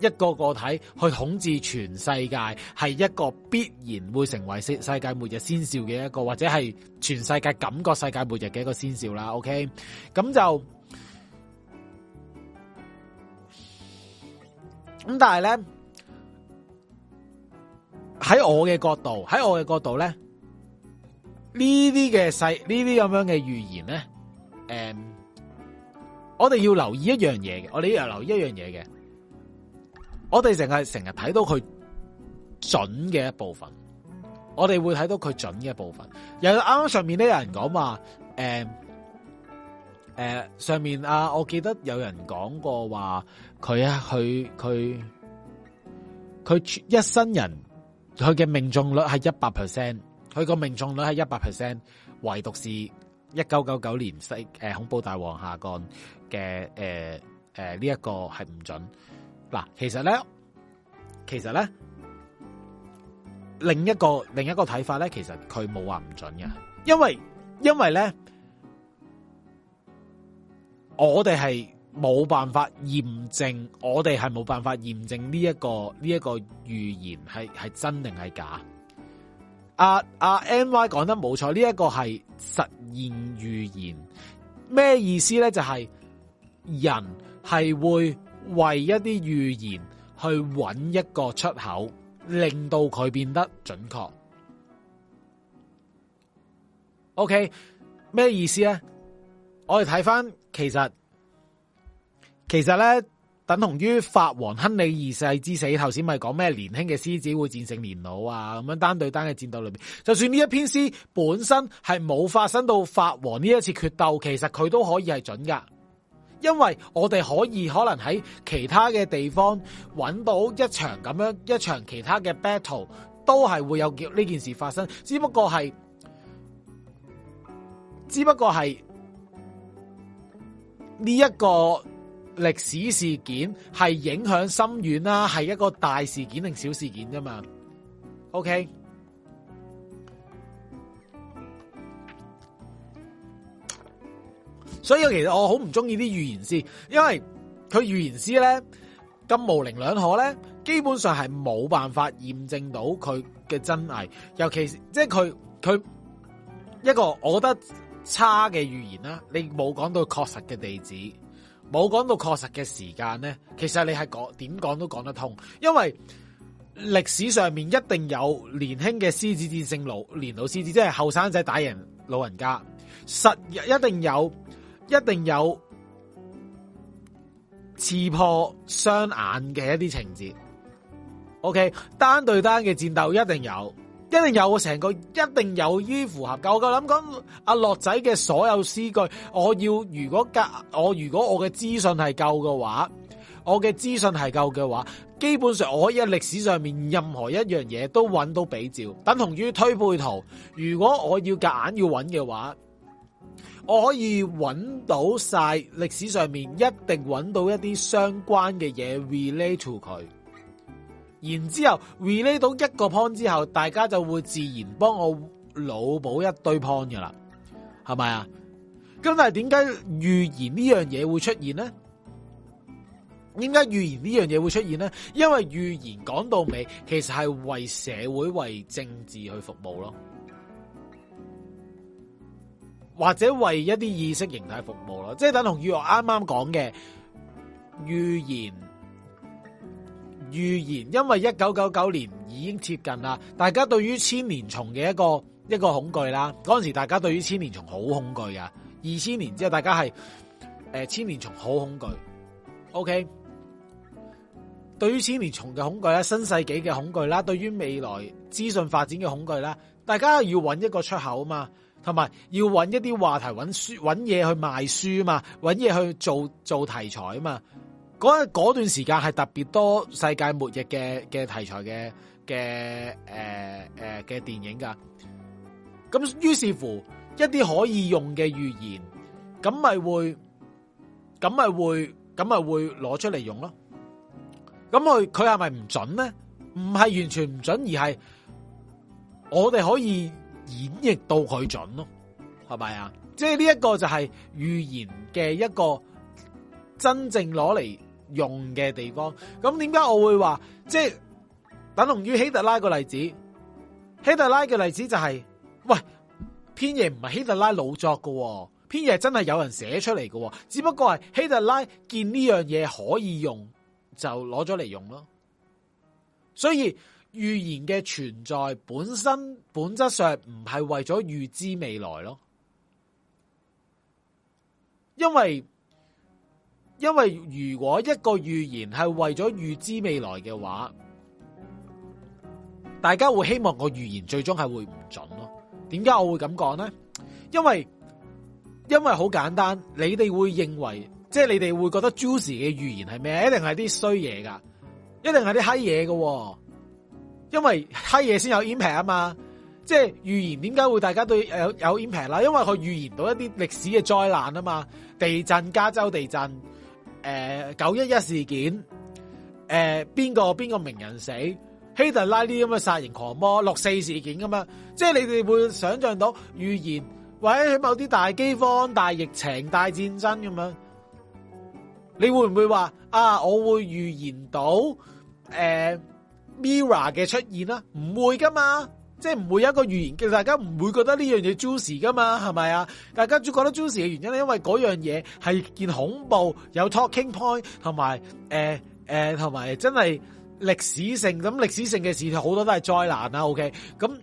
A: 一個個體去統治全世界，係一個必然會成為世界末日先兆嘅一個，或者係全世界感覺世界末日嘅一個先兆啦。OK，咁就咁，但係呢，喺我嘅角度，喺我嘅角度呢。呢啲嘅細，呢啲咁樣嘅預言咧，誒、嗯，我哋要留意一樣嘢嘅，我哋要留意一樣嘢嘅，我哋成日成日睇到佢準嘅一部分，我哋會睇到佢準嘅部分。又啱啱上面都有人講話，誒、嗯，誒、呃，上面啊，我記得有人講過話，佢啊，佢佢佢一生人，佢嘅命中率係一百 percent。佢個命中率係一百 percent，唯獨是一九九九年世誒，恐怖大王下降嘅，誒誒呢一個係唔準。嗱，其實咧，其實咧，另一個另一個睇法咧，其實佢冇話唔準嘅，因為因為咧，我哋係冇辦法驗證，我哋係冇辦法驗證呢一個呢一個預言係係真定係假。阿阿 NY 講得冇錯，呢、這、一個係實現預言，咩意思咧？就係、是、人係會為一啲預言去揾一個出口，令到佢變得準確。OK，咩意思咧？我哋睇返，其實其實咧。等同於法王亨利二世之死，頭先咪講咩年輕嘅獅子會戰勝年老啊。咁樣單對單嘅戰鬥裏邊，就算呢一篇詩本身係冇發生到法王呢一次決鬥，其實佢都可以係準㗎，因為我哋可以可能喺其他嘅地方搵到一場咁樣一場其他嘅 battle，都係會有叫呢件事發生，只不過係，只不過係呢一個。歷史事件係影響深遠啦啊，係一個大事件定小事件啫嘛。OK，所以其實我好唔中意啲預言師，因為佢預言師咧咁，模棱兩可咧，基本上係冇辦法驗證到佢嘅真偽，尤其是即係佢佢一個我覺得差嘅預言啦，你冇講到確實嘅地址，冇講到確實嘅時間咧，其實你係講點講都講得通，因為歷史上面一定有年輕嘅獅子戰勝老年老獅子，即係後生仔打贏老人家，實一定有，一定有刺破雙眼嘅一啲情節。OK，單對單嘅戰鬥一定有。一定有成個一定有於符合。我個諗，講阿樂仔嘅所有詩句，我要如果夾我，如果我如果我嘅資訊係夠嘅話，我嘅資訊係夠嘅話，基本上我可以喺歷史上面任何一樣嘢都揾到比照，等同於推背圖。如果我要夾硬要揾嘅話，我可以揾到晒歷史上面一定揾到一啲相關嘅嘢 relate to 佢。然之後 relate 到一個 point 之後，大家就會自然幫我腦補一堆 point 噶啦，係咪啊？咁但係點解預言呢樣嘢會出現呢？點解預言呢樣嘢會出現呢？因為預言講到尾，其實係為社會、為政治去服務咯，或者為一啲意識形態服務咯，即係等同於我啱啱講嘅預言。預言，因為一九九九年已經接近啦，大家對於千年蟲嘅一個一個恐懼啦。嗰陣時大家對於千年蟲好恐懼啊，二千年之後大家係誒、呃、千年蟲好恐懼。OK，對於千年蟲嘅恐懼啦，新世紀嘅恐懼啦，對於未來資訊發展嘅恐懼啦，大家要揾一個出口啊嘛，同埋要揾一啲話題揾書揾嘢去賣書啊嘛，揾嘢去做做題材啊嘛。嗰段時間係特別多世界末日嘅嘅題材嘅嘅誒誒嘅電影噶，咁於是乎一啲可以用嘅預言，咁咪會，咁咪會，咁咪會攞出嚟用咯。咁佢佢係咪唔準咧？唔係完全唔準，而係我哋可以演繹到佢準咯，係咪啊？即係呢一個就係預言嘅一個真正攞嚟用嘅地方，咁點解我會話即係等同於希特拉個例子？希特拉嘅例子就係、是，喂，篇嘢唔係希特拉老作嘅，篇嘢真係有人寫出嚟嘅，只不過係希特拉見呢樣嘢可以用，就攞咗嚟用咯。所以預言嘅存在本身本質上唔係為咗預知未來咯，因為。因為如果一個預言係為咗預知未來嘅話，大家會希望個預言最終係會唔準咯？點解我會咁講咧？因為因為好簡單，你哋會認為，即係你哋會覺得 juice 嘅預言係咩？一定係啲衰嘢噶，一定係啲黑嘢。噶因為黑嘢先有 impact 啊嘛。即係預言點解會大家都有有 impact 啦？因為佢預言到一啲歷史嘅災難啊嘛，地震、加州地震。誒，九一一事件，誒、呃，邊個邊個名人死？希特拉呢啲咁嘅殺人狂魔，六四事件咁樣，即係你哋會想象到預言？喂，喺某啲大饑荒、大疫情、大戰爭咁樣，你會唔會話啊？我會預言到誒、呃、Mirror 嘅出現啦？唔會噶嘛？即係唔會有一個預言其實大，大家唔會覺得呢樣嘢 juicy 噶嘛，係咪啊？大家都覺得 juicy 嘅原因咧，因為嗰樣嘢係件恐怖，有 talking point，同埋誒誒，同埋真係歷史性咁歷史性嘅事，好多都係災難啊。OK，咁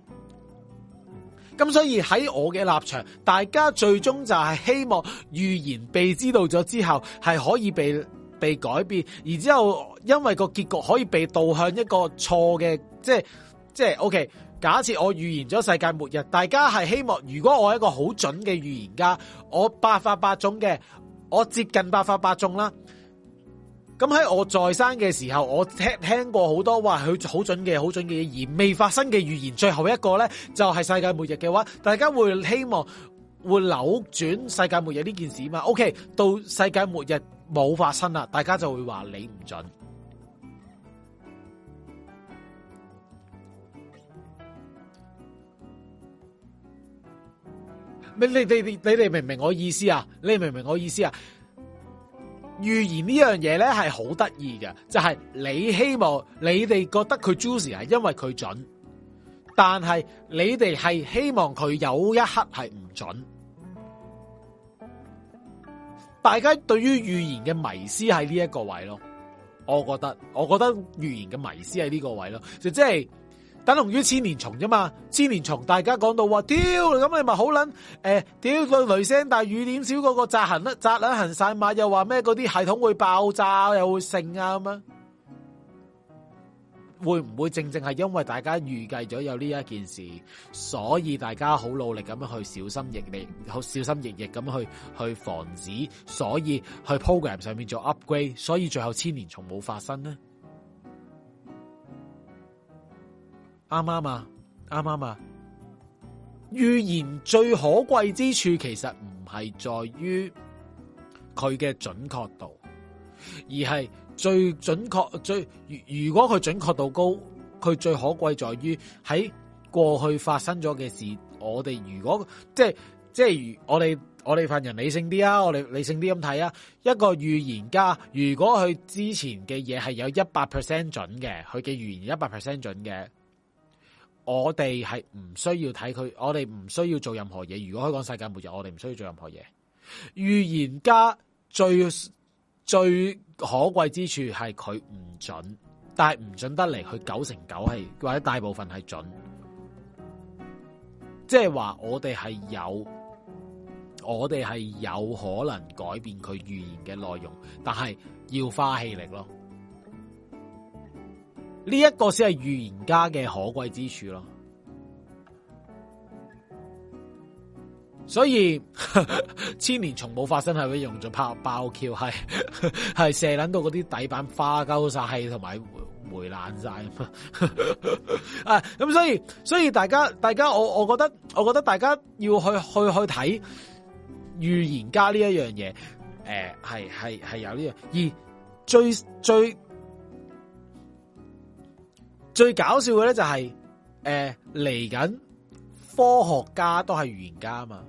A: 咁所以喺我嘅立場，大家最終就係希望預言被知道咗之後，係可以被被改變，而之後因為個結局可以被導向一個錯嘅，即係即係 OK。假設我預言咗世界末日，大家係希望如果我係一個好準嘅預言家，我百發百中嘅，我接近百發百中啦。咁喺我在生嘅時候，我聽聽過好多話佢好準嘅、好準嘅嘢，而未發生嘅預言，最後一個呢，就係世界末日嘅話，大家會希望會扭轉世界末日呢件事嘛？OK，到世界末日冇發生啦，大家就會話你唔準。你你你你你哋明唔明我意思啊？你明唔明我意思啊？預言呢樣嘢咧，係好得意嘅，就係、是、你希望你哋覺得佢 juicy 係因為佢準，但係你哋係希望佢有一刻係唔準。大家對於預言嘅迷思喺呢一個位咯，我覺得，我覺得預言嘅迷思喺呢個位咯，就即、就、係、是。等同於千年蟲啫嘛，千年蟲大家講到話，屌咁你咪好捻誒，屌、欸、個雷聲大雨點少個痕，個個扎行啦，扎兩行晒嘛，又話咩嗰啲系統會爆炸，又會成啊咁樣，會唔會正正係因為大家預計咗有呢一件事，所以大家好努力咁樣去小心翼翼，好小心翼翼咁去去防止，所以去 program 上面做 upgrade，所以最後千年蟲冇發生呢？啱啱啊！啱啱啊！預言最可貴之處其實唔係在於佢嘅準確度，而係最準確最。如果佢準確度高，佢最可貴在於喺過去發生咗嘅事。我哋如果即係即係，如我哋我哋份人理性啲啊！我哋理性啲咁睇啊！一個預言家如果佢之前嘅嘢係有一百 percent 準嘅，佢嘅預言一百 percent 準嘅。我哋係唔需要睇佢，我哋唔需要做任何嘢。如果可講世界末日，我哋唔需要做任何嘢。預言家最最可貴之處係佢唔準，但係唔準得嚟，佢九成九係或者大部分係準。即係話我哋係有，我哋係有可能改變佢預言嘅內容，但係要花氣力咯。呢一個先係預言家嘅可貴之處咯，所以呵呵千年從冇發生係會用咗拍爆橋，係係射捻到嗰啲底板花鳩晒，係同埋回爛晒啊！咁所以，所以大家，大家我我覺得，我覺得大家要去去去睇預言家呢一樣嘢，誒、呃，係係係有呢樣，而最最。最搞笑嘅咧就係、是，誒嚟緊科學家都係預言家啊嘛。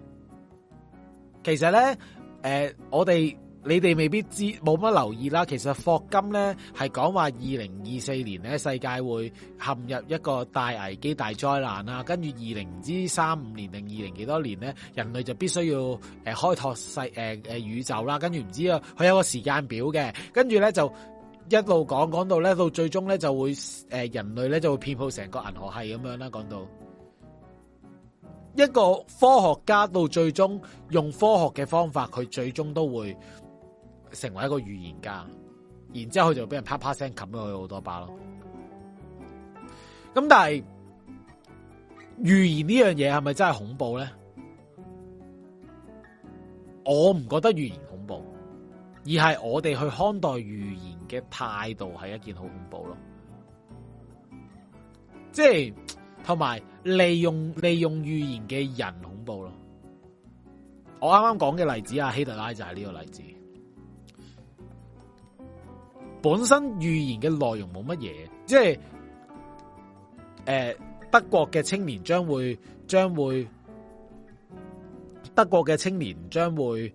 A: 其實咧，誒、呃、我哋你哋未必知冇乜留意啦。其實霍金咧係講話二零二四年咧世界會陷入一個大危機、大災難啦。跟住二零唔知三五年定二零幾多年咧，人類就必須要誒開拓世誒誒、呃、宇宙啦。跟住唔知啊，佢有個時間表嘅。跟住咧就。一路講講到咧，到最終咧就會誒、呃，人類咧就會遍布成個銀河系咁樣啦。講到一個科學家到最終用科學嘅方法，佢最終都會成為一個預言家，然之後佢就俾人啪啪聲冚咗佢好多把咯。咁但係預言呢樣嘢係咪真係恐怖咧？我唔覺得預言恐怖，而係我哋去看待預言嘅態度係一件好恐怖咯，就是，即係同埋利用利用預言嘅人恐怖咯。我啱啱講嘅例子啊，希特拉就係呢個例子。本身預言嘅內容冇乜嘢，即係誒，德國嘅青年將會將會德國嘅青年將會誒誒、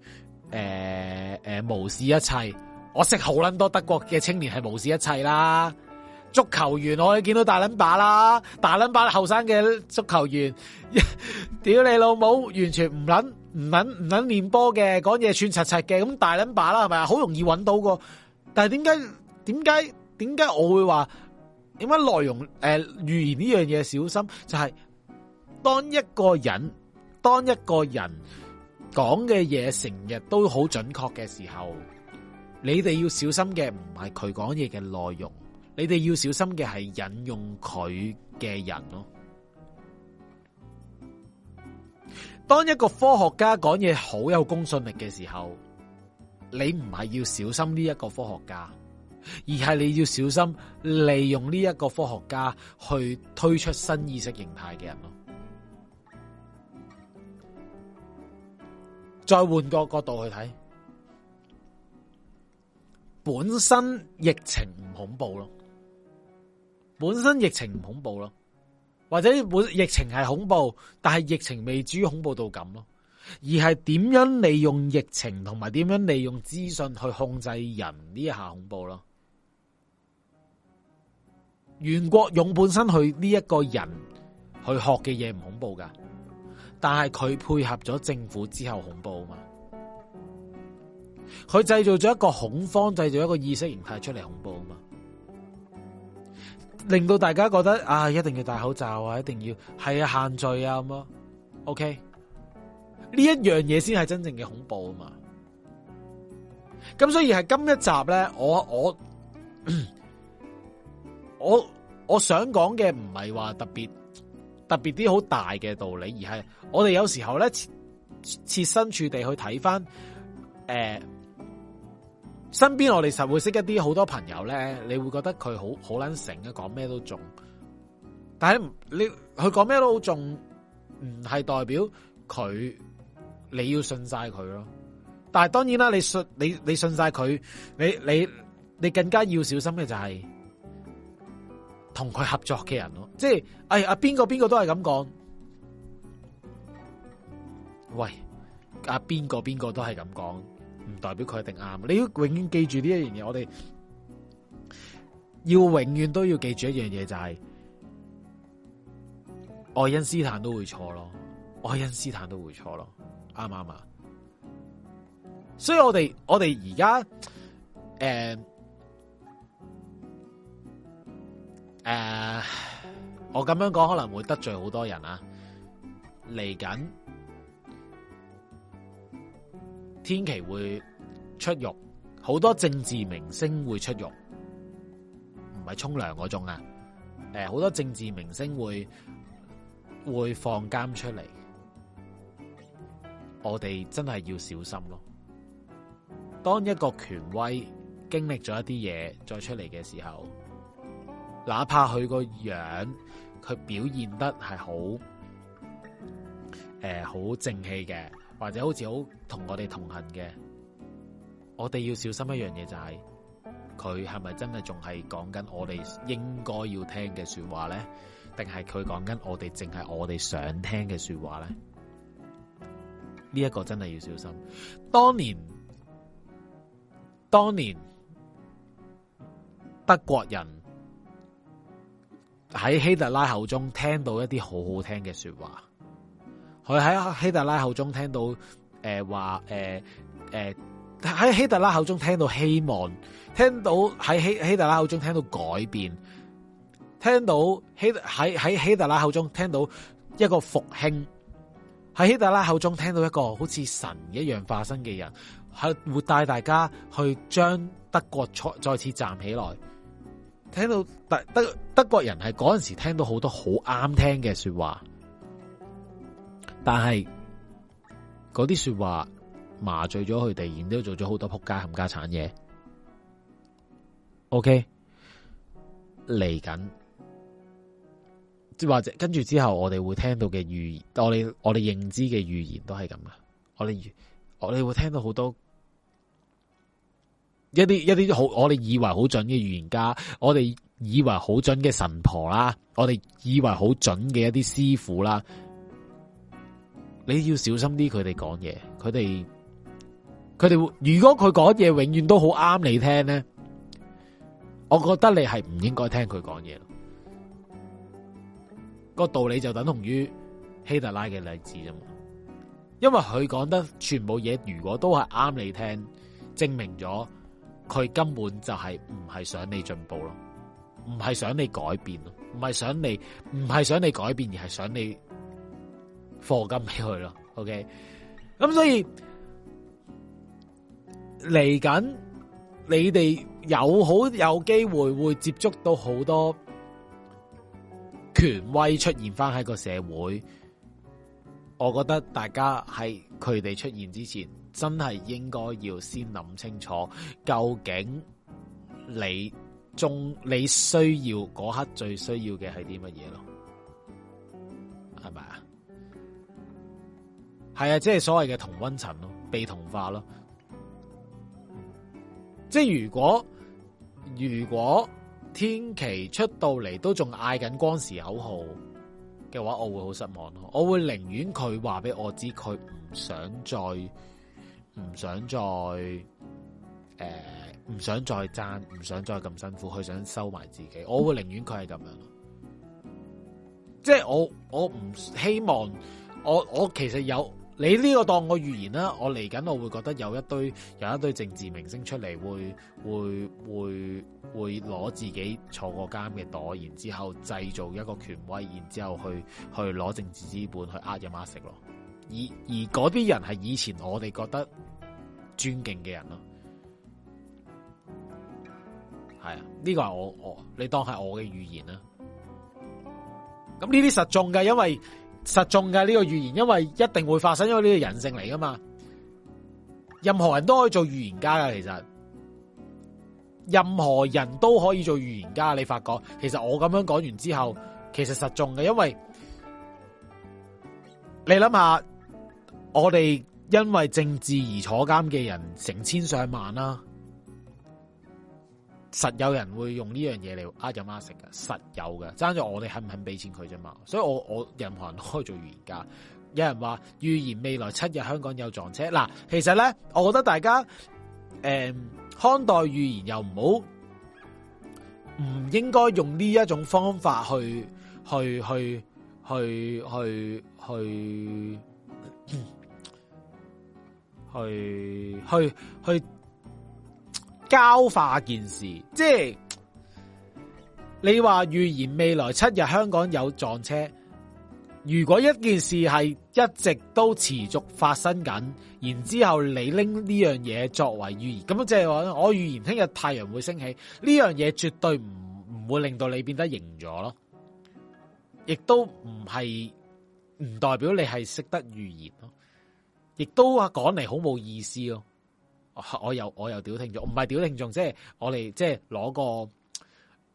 A: 呃呃、無視一切。我識好捻多德國嘅青年係無視一切啦，足球員我可以見到大捻把啦，大捻把後生嘅足球員， 屌你老母，完全唔捻唔捻唔捻練波嘅，講嘢串柒柒嘅，咁大捻把啦係咪？好容易揾到個，但係點解點解點解我會話，點解內容誒預、呃、言呢樣嘢小心？就係、是、當一個人當一個人講嘅嘢成日都好準確嘅時候。你哋要小心嘅唔係佢講嘢嘅內容，你哋要小心嘅係引用佢嘅人咯。當一個科學家講嘢好有公信力嘅時候，你唔係要小心呢一個科學家，而係你要小心利用呢一個科學家去推出新意識形態嘅人咯。再換個角度去睇。本身疫情唔恐怖咯，本身疫情唔恐怖咯，或者本疫情係恐怖，但係疫情未至於恐怖到咁咯，而係點樣利用疫情同埋點樣利用資訊去控制人呢一下恐怖咯。袁國勇本身去呢一個人去學嘅嘢唔恐怖噶，但係佢配合咗政府之後恐怖嘛？佢製造咗一個恐慌，製造一個意識形態出嚟恐怖啊嘛，令到大家覺得啊，一定要戴口罩啊，一定要係、啊、限聚啊咁啊 OK，呢一樣嘢先係真正嘅恐怖啊嘛。咁所以係今一集咧，我我我我想講嘅唔係話特別特別啲好大嘅道理，而係我哋有時候咧切身處地去睇翻。誒。呃身邊我哋實會識一啲好多朋友咧，你會覺得佢好好捻成嘅，講咩都中。但係你佢講咩都好中，唔係代表佢你要信晒佢咯。但係當然啦，你信你你信晒佢，你你你更加要小心嘅就係同佢合作嘅人咯。即係，哎啊邊個邊個都係咁講，喂啊邊個邊個都係咁講。唔代表佢一定啱，你要永遠記住呢一樣嘢。我哋要永遠都要記住一樣嘢，就係、是、愛因斯坦都會錯咯，愛因斯坦都會錯咯，啱唔啱啊？所以我哋我哋而家誒誒，我咁、呃呃、樣講可能會得罪好多人啊！嚟緊。天氣會出獄，好多政治明星會出獄，唔係沖涼嗰種啊！誒，好多政治明星會會放監出嚟，我哋真係要小心咯。當一個權威經歷咗一啲嘢再出嚟嘅時候，哪怕佢個樣佢表現得係好誒好正氣嘅。或者好似好同我哋同行嘅，我哋要小心一樣嘢，就係佢係咪真係仲係講緊我哋應該要聽嘅說話咧？定係佢講緊我哋淨係我哋想聽嘅說話咧？呢一個真係要小心。當年，當年德國人喺希特拉口中聽到一啲好好聽嘅說話。佢喺希特拉口中聽到，呃話，呃呃喺希特拉口中聽到希望，聽到喺希希特拉口中聽到改變，聽到希喺喺希特拉口中聽到一個復興，喺希特拉口中聽到一個好似神一樣化身嘅人，係會帶大家去將德國再再次站起來，聽到德德德國人係嗰陣時聽到好多好啱聽嘅說話。但係嗰啲說話麻醉咗佢哋，然都做咗好多仆街冚家鏟嘢。O K，嚟緊即或者跟住之後，我哋會聽到嘅預言，我哋我哋認知嘅預言都係咁啊！我哋我哋會聽到好多一啲一啲好我哋以為好準嘅預言家，我哋以為好準嘅神婆啦，我哋以為好準嘅一啲師傅啦。你要小心啲，佢哋講嘢，佢哋佢哋如果佢講嘢永遠都好啱你聽咧，我覺得你係唔應該聽佢講嘢咯。個道理就等同於希特拉嘅例子啫嘛，因為佢講得全部嘢，如果都係啱你聽，證明咗佢根本就係唔係想你進步咯，唔係想你改變咯，唔係想你唔係想你改變，而係想你。課金俾佢咯，OK，咁所以嚟緊，你哋有好有機會會接觸到好多權威出現翻喺個社會，我覺得大家喺佢哋出現之前，真係應該要先諗清楚，究竟你中你需要嗰刻最需要嘅係啲乜嘢咯？係啊，即係所謂嘅同温層咯，被同化咯。即係如果如果天琦出到嚟都仲嗌緊光時口號嘅話，我會好失望咯。我會寧願佢話俾我知佢唔想再唔想再誒呃、唔想再爭，唔想再咁辛苦，佢想收埋自己。我會寧願佢係咁樣咯。嗯、即係我我唔希望我我其實有。你呢個當我預言啦，我嚟緊我會覺得有一堆有一堆政治明星出嚟，會會會會攞自己坐過監嘅袋，然之後製造一個權威，然之後去去攞政治資本去呃嘢媽食咯。而而嗰啲人係以前我哋覺得尊敬嘅人咯，係啊，呢、這個係我我你當係我嘅預言啦。咁呢啲實中嘅，因為。實中嘅呢、呢個預言，因為一定會發生，因為呢個人性嚟噶嘛。任何人都可以做預言家噶，其實任何人都可以做預言家的。你發覺，其實我咁樣講完之後，其實實中嘅，因為你諗下，我哋因為政治而坐監嘅人成千上萬啦、啊。實有人會用呢樣嘢嚟呃飲呃食噶，實有嘅爭住我哋肯唔肯俾錢佢啫嘛，所以我我任何人都可以做預言家。有人話預言未來七日香港有撞車，嗱，其實咧，我覺得大家誒，看待預言又唔好，唔應該用呢一種方法去去去去去去去去去去。交化件事，即係你話預言未來七日香港有撞車。如果一件事係一直都持續發生緊，然之後你拎呢樣嘢作為預言，咁樣即係話，我預言聽日太陽會升起，呢樣嘢絕對唔唔會令到你變得贏咗咯，亦都唔係唔代表你係識得預言咯，亦都講講嚟好冇意思咯。我又我又屌聽咗，唔係屌聽眾，即係我哋即係攞個誒、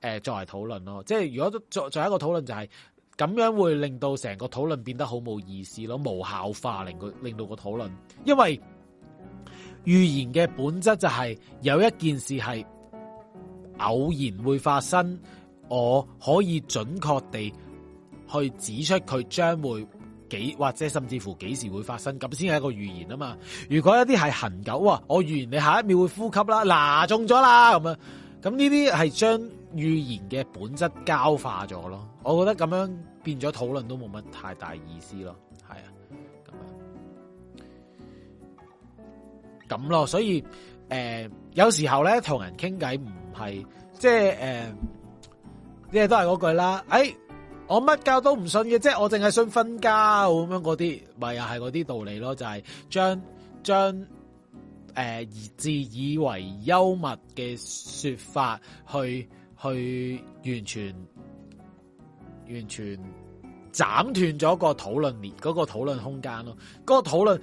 A: 呃、作為討論咯。即係如果再一個討論就係、是、咁樣會令到成個討論變得好冇意思咯，無效化令令到個討論。因為預言嘅本質就係有一件事係偶然會發生，我可以準確地去指出佢將會。幾或者甚至乎幾時會發生，咁先係一個預言啊嘛？如果一啲係恆久啊，我預言你下一秒會呼吸，啊、啦，嗱中咗啦咁樣，咁呢啲係將預言嘅本質膠化咗咯。我覺得咁樣變咗討論都冇乜太大意思咯，係啊，咁樣咁咯。所以誒、呃，有時候咧，同人傾偈唔係，即係誒，即、就、係、是呃、都係嗰句啦，誒、哎。我乜教都唔信嘅，即係我淨係想瞓覺咁樣嗰啲，咪又係嗰啲道理咯。就係將將誒自以為幽默嘅說法，去去完全完全斬斷咗個討論，嗰個討論空間咯。嗰個討論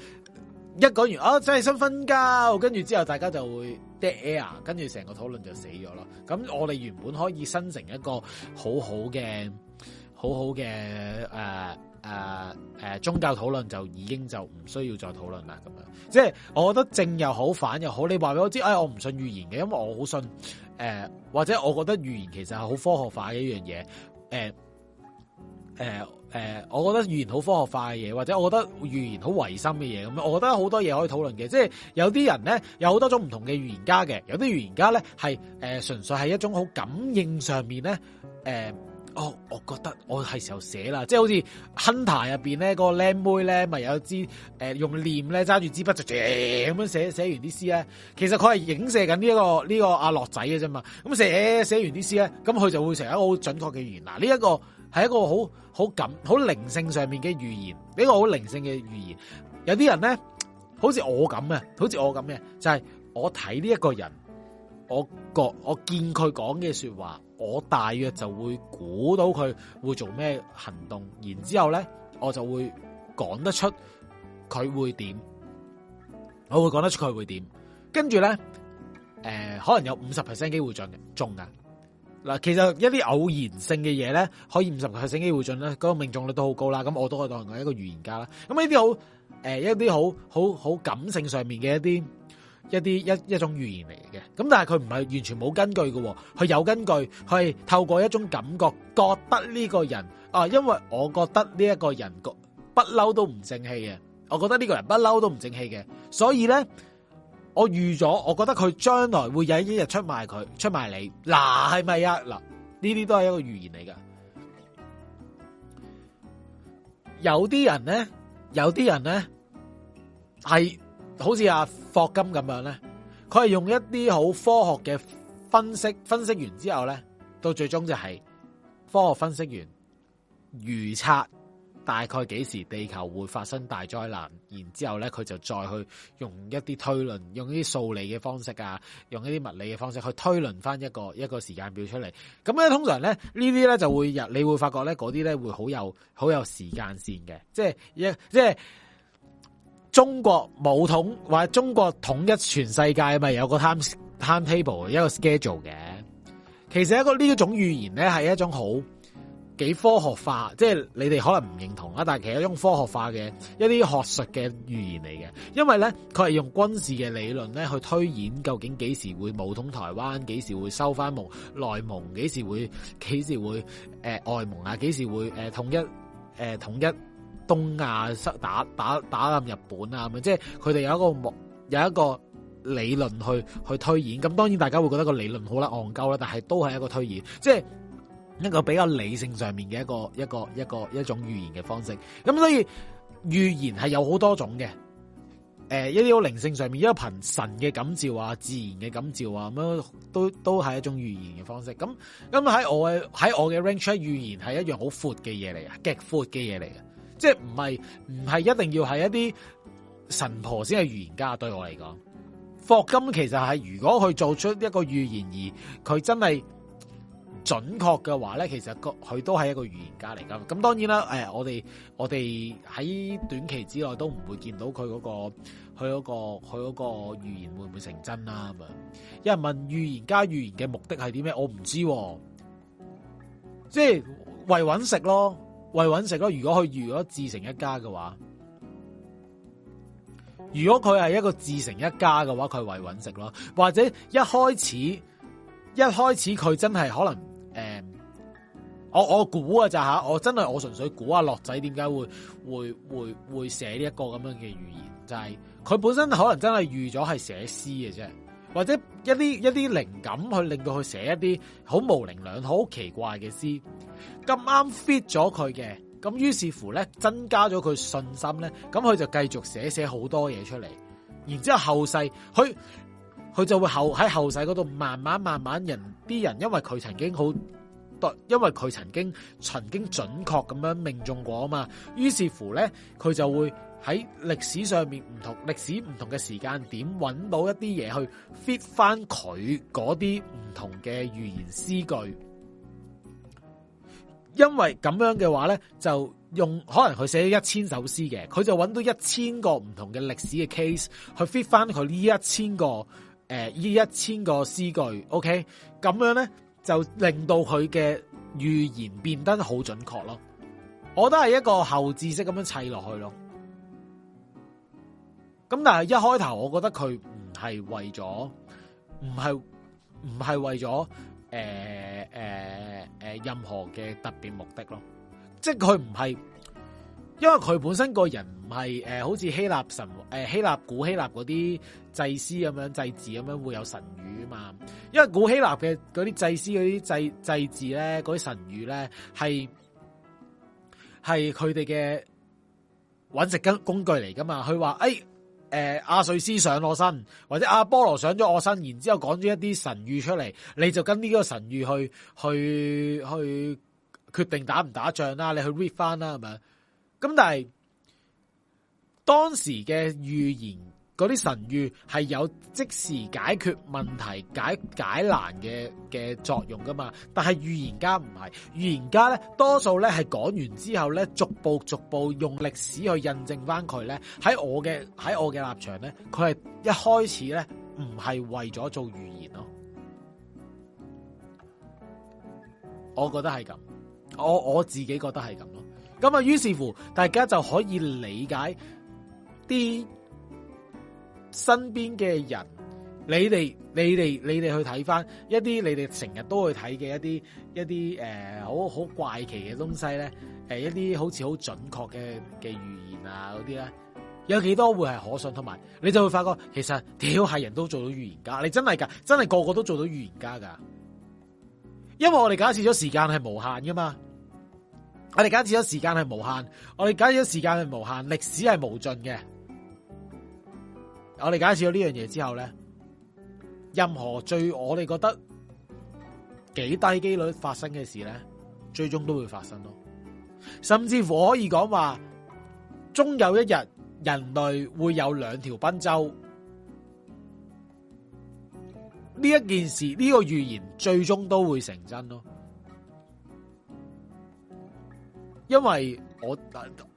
A: 一講完，啊真係想瞓覺，跟住之後大家就會 dead air，跟住成個討論就死咗咯。咁我哋原本可以生成一個好好嘅。好好嘅，誒誒誒宗教討論就已經就唔需要再討論啦，咁樣，即係我覺得正又好，反又好，你話俾我知，哎，我唔信預言嘅，因為我好信誒、呃，或者我覺得預言其實係好科學化嘅一樣嘢，誒誒誒，我覺得預言好科學化嘅嘢，或者我覺得預言好唯心嘅嘢，咁樣，我覺得好多嘢可以討論嘅，即係有啲人咧，有好多種唔同嘅預言家嘅，有啲預言家咧係誒純粹係一種好感應上面咧誒。呃哦，oh, 我覺得我係時候寫啦，即係好似《亨、呃、特》入邊咧，嗰個靚妹咧，咪有支誒用念咧揸住支筆就咁樣寫寫完啲詩咧。其實佢係影射緊、這、呢、個這個啊、一個呢個阿樂仔嘅啫嘛。咁寫寫完啲詩咧，咁佢就會成一個好準確嘅預言。嗱，呢一個係一個好好感好靈性上面嘅預言，一個好靈性嘅預言。有啲人咧，好似我咁嘅，好似我咁嘅，就係、是、我睇呢一個人，我講我見佢講嘅說話。我大約就會估到佢會做咩行動，然之後咧，我就會講得出佢會點。我會講得出佢會點。跟住咧，呃，可能有五十 percent 機會進中嘅。嗱，其實一啲偶然性嘅嘢咧，可以五十 percent 機會進，咧，嗰個命中率都好高啦。咁我都可以當係一個預言家啦。咁、呃、一啲好一啲好好好感性上面嘅一啲。一啲一一種預言嚟嘅，咁但係佢唔係完全冇根據嘅，佢有根據，佢係透過一種感覺覺得呢個人啊，因為我覺得呢一個人不、不嬲都唔正氣嘅，我覺得呢個人不嬲都唔正氣嘅，所以咧我預咗，我覺得佢將來會有一日出賣佢，出賣你，嗱係咪啊？嗱，呢啲都係一個預言嚟㗎。有啲人咧，有啲人咧係好似啊。霍金咁樣咧，佢係用一啲好科學嘅分析，分析完之後咧，到最終就係科學分析完，預測大概幾時地球會發生大災難，然之後咧，佢就再去用一啲推論，用一啲數理嘅方式啊，用一啲物理嘅方式去推論翻一個一個時間表出嚟。咁咧，通常咧呢啲咧就會有，你會發覺咧嗰啲咧會好有好有時間線嘅，即係即係。中國武統或者中國統一全世界咪有個 time time table，一個，個 schedule 嘅。其實一個這種預言呢是一種預言咧，係一種好幾科學化，即係你哋可能唔認同啊，但係其實是一種科學化嘅一啲學術嘅預言嚟嘅。因為咧，佢係用軍事嘅理論咧去推演，究竟幾時會武統台灣，幾時會收翻蒙內蒙，幾時會幾時會誒外蒙啊，幾時會誒統一誒統一。呃統一東亞、啊、打打打冧日本啊，咁即係佢哋有一個目有一個理論去去推演，咁當然大家會覺得個理論好啦戇鳩啦，但係都係一個推演，即係一個比較理性上面嘅一個一個一個一個一種預言嘅方式。咁所以預言係有好多種嘅，誒、呃、一啲好靈性上面，一啲憑神嘅感召啊、自然嘅感召啊咁樣都都係一種預言嘅方式。咁咁喺我嘅喺我嘅 range 內，預言係一樣好闊嘅嘢嚟嘅，極闊嘅嘢嚟嘅。即係唔係唔係一定要係一啲神婆先係預言家？對我嚟講，霍金其實係，如果佢做出一個預言，而佢真係準確嘅話咧，其實佢都係一個預言家嚟噶。咁當然啦，誒，我哋我哋喺短期之內都唔會見到佢嗰個、佢嗰個、佢嗰個預言會唔會成真啦咁樣。有人問預言家預言嘅目的係啲咩？我唔知喎，即係為揾食咯。為穩食咯，如果佢預咗自成一家嘅話，如果佢係一個自成一家嘅話，佢為穩食咯，或者一開始一開始佢真係可能誒、嗯，我我估啊，咋吓？我真係我純粹估啊，樂仔點解會會會會寫呢一個咁樣嘅語言？就係、是、佢本身可能真係預咗係寫詩嘅啫。或者一啲一啲靈感去令到佢寫一啲好模棱兩好奇怪嘅詩，咁啱 fit 咗佢嘅。咁於是乎咧增加咗佢信心咧，咁佢就繼續寫寫好多嘢出嚟，然之後後世佢佢就會後喺後世嗰度慢慢慢慢人啲人因為佢曾經好，因為佢曾經曾經，曾經準確咁樣命中過啊嘛，於是乎咧佢就會。喺歷史上面，唔同歷史唔同嘅時間點，揾到一啲嘢去 fit 翻佢嗰啲唔同嘅預言詩句，因為咁樣嘅話咧，就用可能佢寫咗一千首詩嘅，佢就揾到一千個唔同嘅歷史嘅 case 去 fit 翻佢呢一千個誒呢、呃、一千個詩句。OK，咁樣咧就令到佢嘅預言變得好準確咯。我都係一個後置式咁樣砌落去咯。咁但係一開頭，我覺得佢唔係為咗，唔係唔係為咗，誒誒誒，任何嘅特別目的咯，即係佢唔係，因為佢本身個人唔係，誒、呃,好似希臘神,誒、呃,希臘古希臘嗰啲祭司咁樣祭祀咁樣會有神語啊嘛，因為古希臘嘅嗰啲祭司嗰啲祭祭祀咧，嗰啲神語咧係係佢哋嘅搵食工具嚟噶嘛，佢話誒。哎誒、呃，阿瑞斯上我身，或者阿波羅上咗我身，然之後講咗一啲神諭出嚟，你就跟呢個神諭去去去決定打唔打仗啦，你去 read 翻啦，係咪？咁但係當時嘅預言。嗰啲神諭係有即時解決問題、解解難嘅嘅作用噶嘛？但係預言家唔係預言家咧，多數咧係講完之後咧，逐步逐步用歷史去印證翻佢咧。喺我嘅喺我嘅立場咧，佢係一開始咧唔係為咗做預言咯。我覺得係咁，我我自己覺得係咁咯。咁啊，於是乎，大家就可以理解啲身邊嘅人，你哋、你哋、你哋去睇翻一啲，你哋成日都去睇嘅一啲一啲誒，好、呃、好怪奇嘅東西咧，誒、呃、一啲好似好準確嘅嘅預言啊嗰啲咧，有幾多會係可信？同埋你就會發覺，其實屌係人都做到預言家，你真係噶，真係個個都做到預言家噶，因為我哋假設咗時間係無限噶嘛，我哋假設咗時間係無限，我哋假設咗時間係無限，歷史係無盡嘅。我哋解釋咗呢樣嘢之後咧，任何最我哋覺得幾低機率發生嘅事咧，最終都會發生咯。甚至乎我可以講話，終有一日人類會有兩條賓周。呢一件事呢，呢個預言，最終都會成真咯。因為我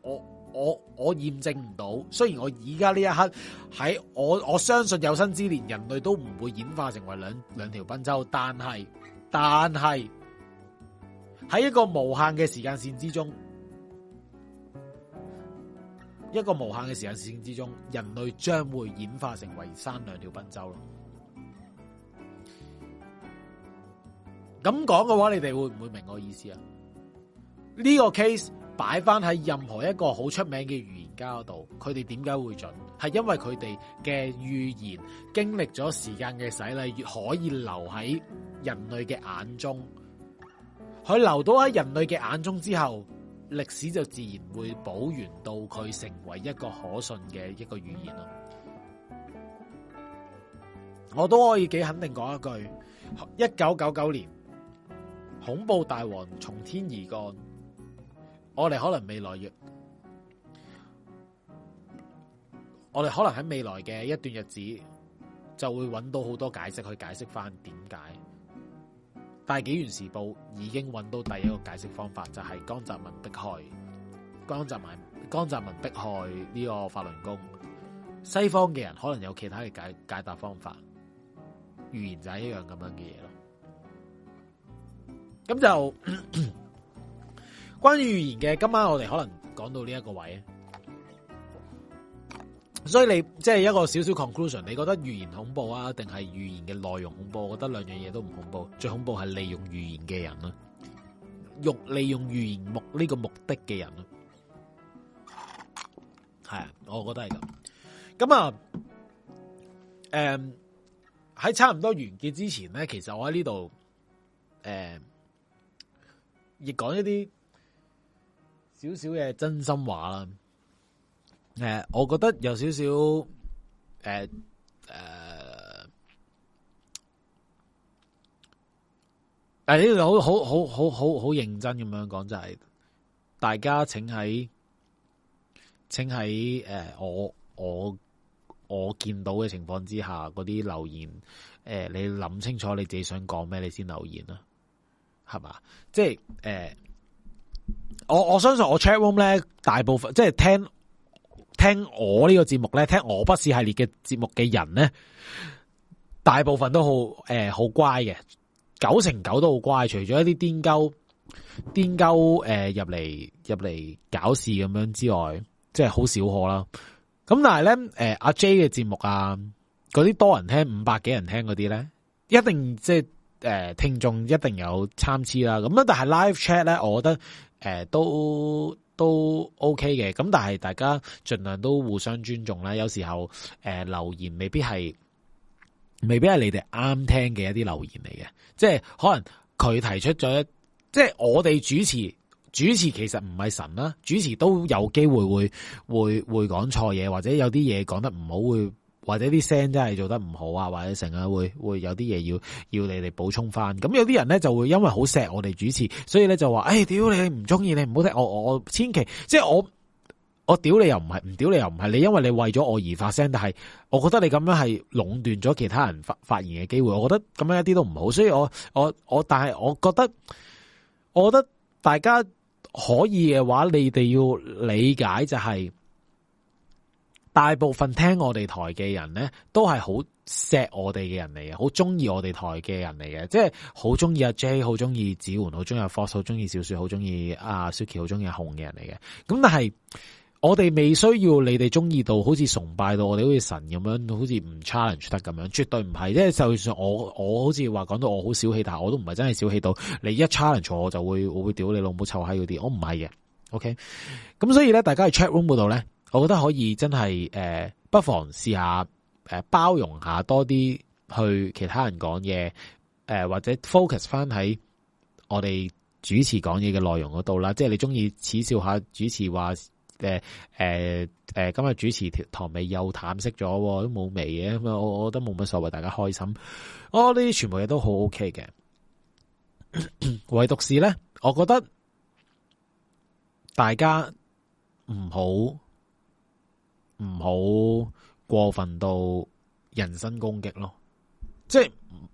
A: 我。我我驗證唔到，雖然我而家呢一刻喺我我相信有生之年人類都唔會演化成為兩兩條奔州，但係但係喺一個無限嘅時間線之中，一個無限嘅時間線之中，人類將會演化成為三兩條奔州咯。咁講嘅話，你哋會唔會明我意思啊？呢個 case。擺翻喺任何一個好出名嘅預言家度，佢哋點解會準？係因為佢哋嘅預言經歷咗時間嘅洗禮，越可以留喺人類嘅眼中。佢留到喺人類嘅眼中之後，歷史就自然會保原到佢成為一個可信嘅一個預言咯。我都可以幾肯定講一句：一九九九年，恐怖大王從天而降。我哋可能未來嘅，我哋可能喺未來嘅一段日子就會揾到好多解釋去解釋翻點解。《大紀元時報》已經揾到第一個解釋方法，就係江澤民逼害江澤民江澤民迫害呢個法輪功。西方嘅人可能有其他嘅解解答方法，預言就係一樣咁樣嘅嘢咯。咁就。 關於預言嘅，今晚我哋可能講到呢一個位，所以你即係、就是、一個少少 conclusion，你覺得預言恐怖啊，定係預言嘅內容恐怖？我覺得兩樣嘢都唔恐怖，最恐怖係利用預言嘅人咯，欲利用預言目呢個目的嘅人咯，係啊，我覺得係咁。咁啊，誒、嗯，喺差唔多完結之前咧，其實我喺呢度，誒、嗯，亦講一啲。少少嘅真心話啦，誒、呃，我覺得有少少誒誒，誒呢度好好好好好好認真咁樣講就係，大家請喺請喺誒、呃、我我我見到嘅情況之下嗰啲留言，誒、呃，你諗清楚你自己想講咩，你先留言吖，係嘛？即係誒。呃我我相信我 chat room 咧，大部分即係聽聽我呢個節目咧，聽我不是系列嘅節目嘅人咧，大部分都好誒，好、呃、乖嘅，九成九都好乖。除咗一啲癲鳩癲鳩誒、呃、入嚟入嚟搞事咁樣之外，即係好少可啦。咁但係咧誒阿 J 嘅節目啊，嗰啲多人聽五百幾人聽嗰啲咧，一定即係誒、呃、聽眾一定有參差啦。咁但係 live chat 咧，我覺得。誒、呃，都都 OK 嘅，咁但係大家盡量都互相尊重啦。有時候誒、呃，留言未必係，未必係你哋啱聽嘅一啲留言嚟嘅，即係可能佢提出咗，一即係我哋主持主持其實唔係神啦，主持都有機會會會會講錯嘢，或者有啲嘢講得唔好會。或者啲聲真係做得唔好啊，或者成日會會有啲嘢，要要你哋補充翻。咁有啲人咧就會因為好錫我哋主持，所以咧就話，誒、哎，屌你唔中意你唔好聽。我我我千祈，即係我我屌你又唔係，唔屌你又唔係。你因為你為咗我而發聲，但係我覺得你咁樣係壟斷咗其他人發發言嘅機會。我覺得咁樣一啲都唔好。所以我我我，但係我覺得，我覺得大家可以嘅話，你哋要理解就係、是。大部分聽我哋台嘅人咧，都係好錫我哋嘅人嚟嘅，好中意我哋台嘅人嚟嘅，即係好中意阿 J，a 好中意子桓，好中意阿 Fox，好中意小雪，好中意阿 Suki，好中意阿紅嘅人嚟嘅。咁但係我哋未需要你哋中意到好似崇拜到我哋好似神咁樣，好似唔 challenge 得咁樣，絕對唔係。即係就算我我好似話講到我好小氣，但係我都唔係真係小氣到你一 challenge 我就會我會屌你老母臭閪嗰啲，我唔係嘅。OK，咁所以咧，大家喺 chat room 度咧。我覺得可以真係誒、呃，不妨試下、呃、包容下多啲去其他人講嘢，誒、呃、或者 focus 翻喺我哋主持講嘢嘅內容嗰度啦。即係你中意恥笑下主持話，誒誒今日主持堂糖又淡色咗，都冇味嘅，咁我我覺得冇乜所謂，大家開心。哦，呢啲全部嘢都好 OK 嘅， 唯獨是咧，我覺得大家唔好。唔好過分到人身攻擊咯，即係誒、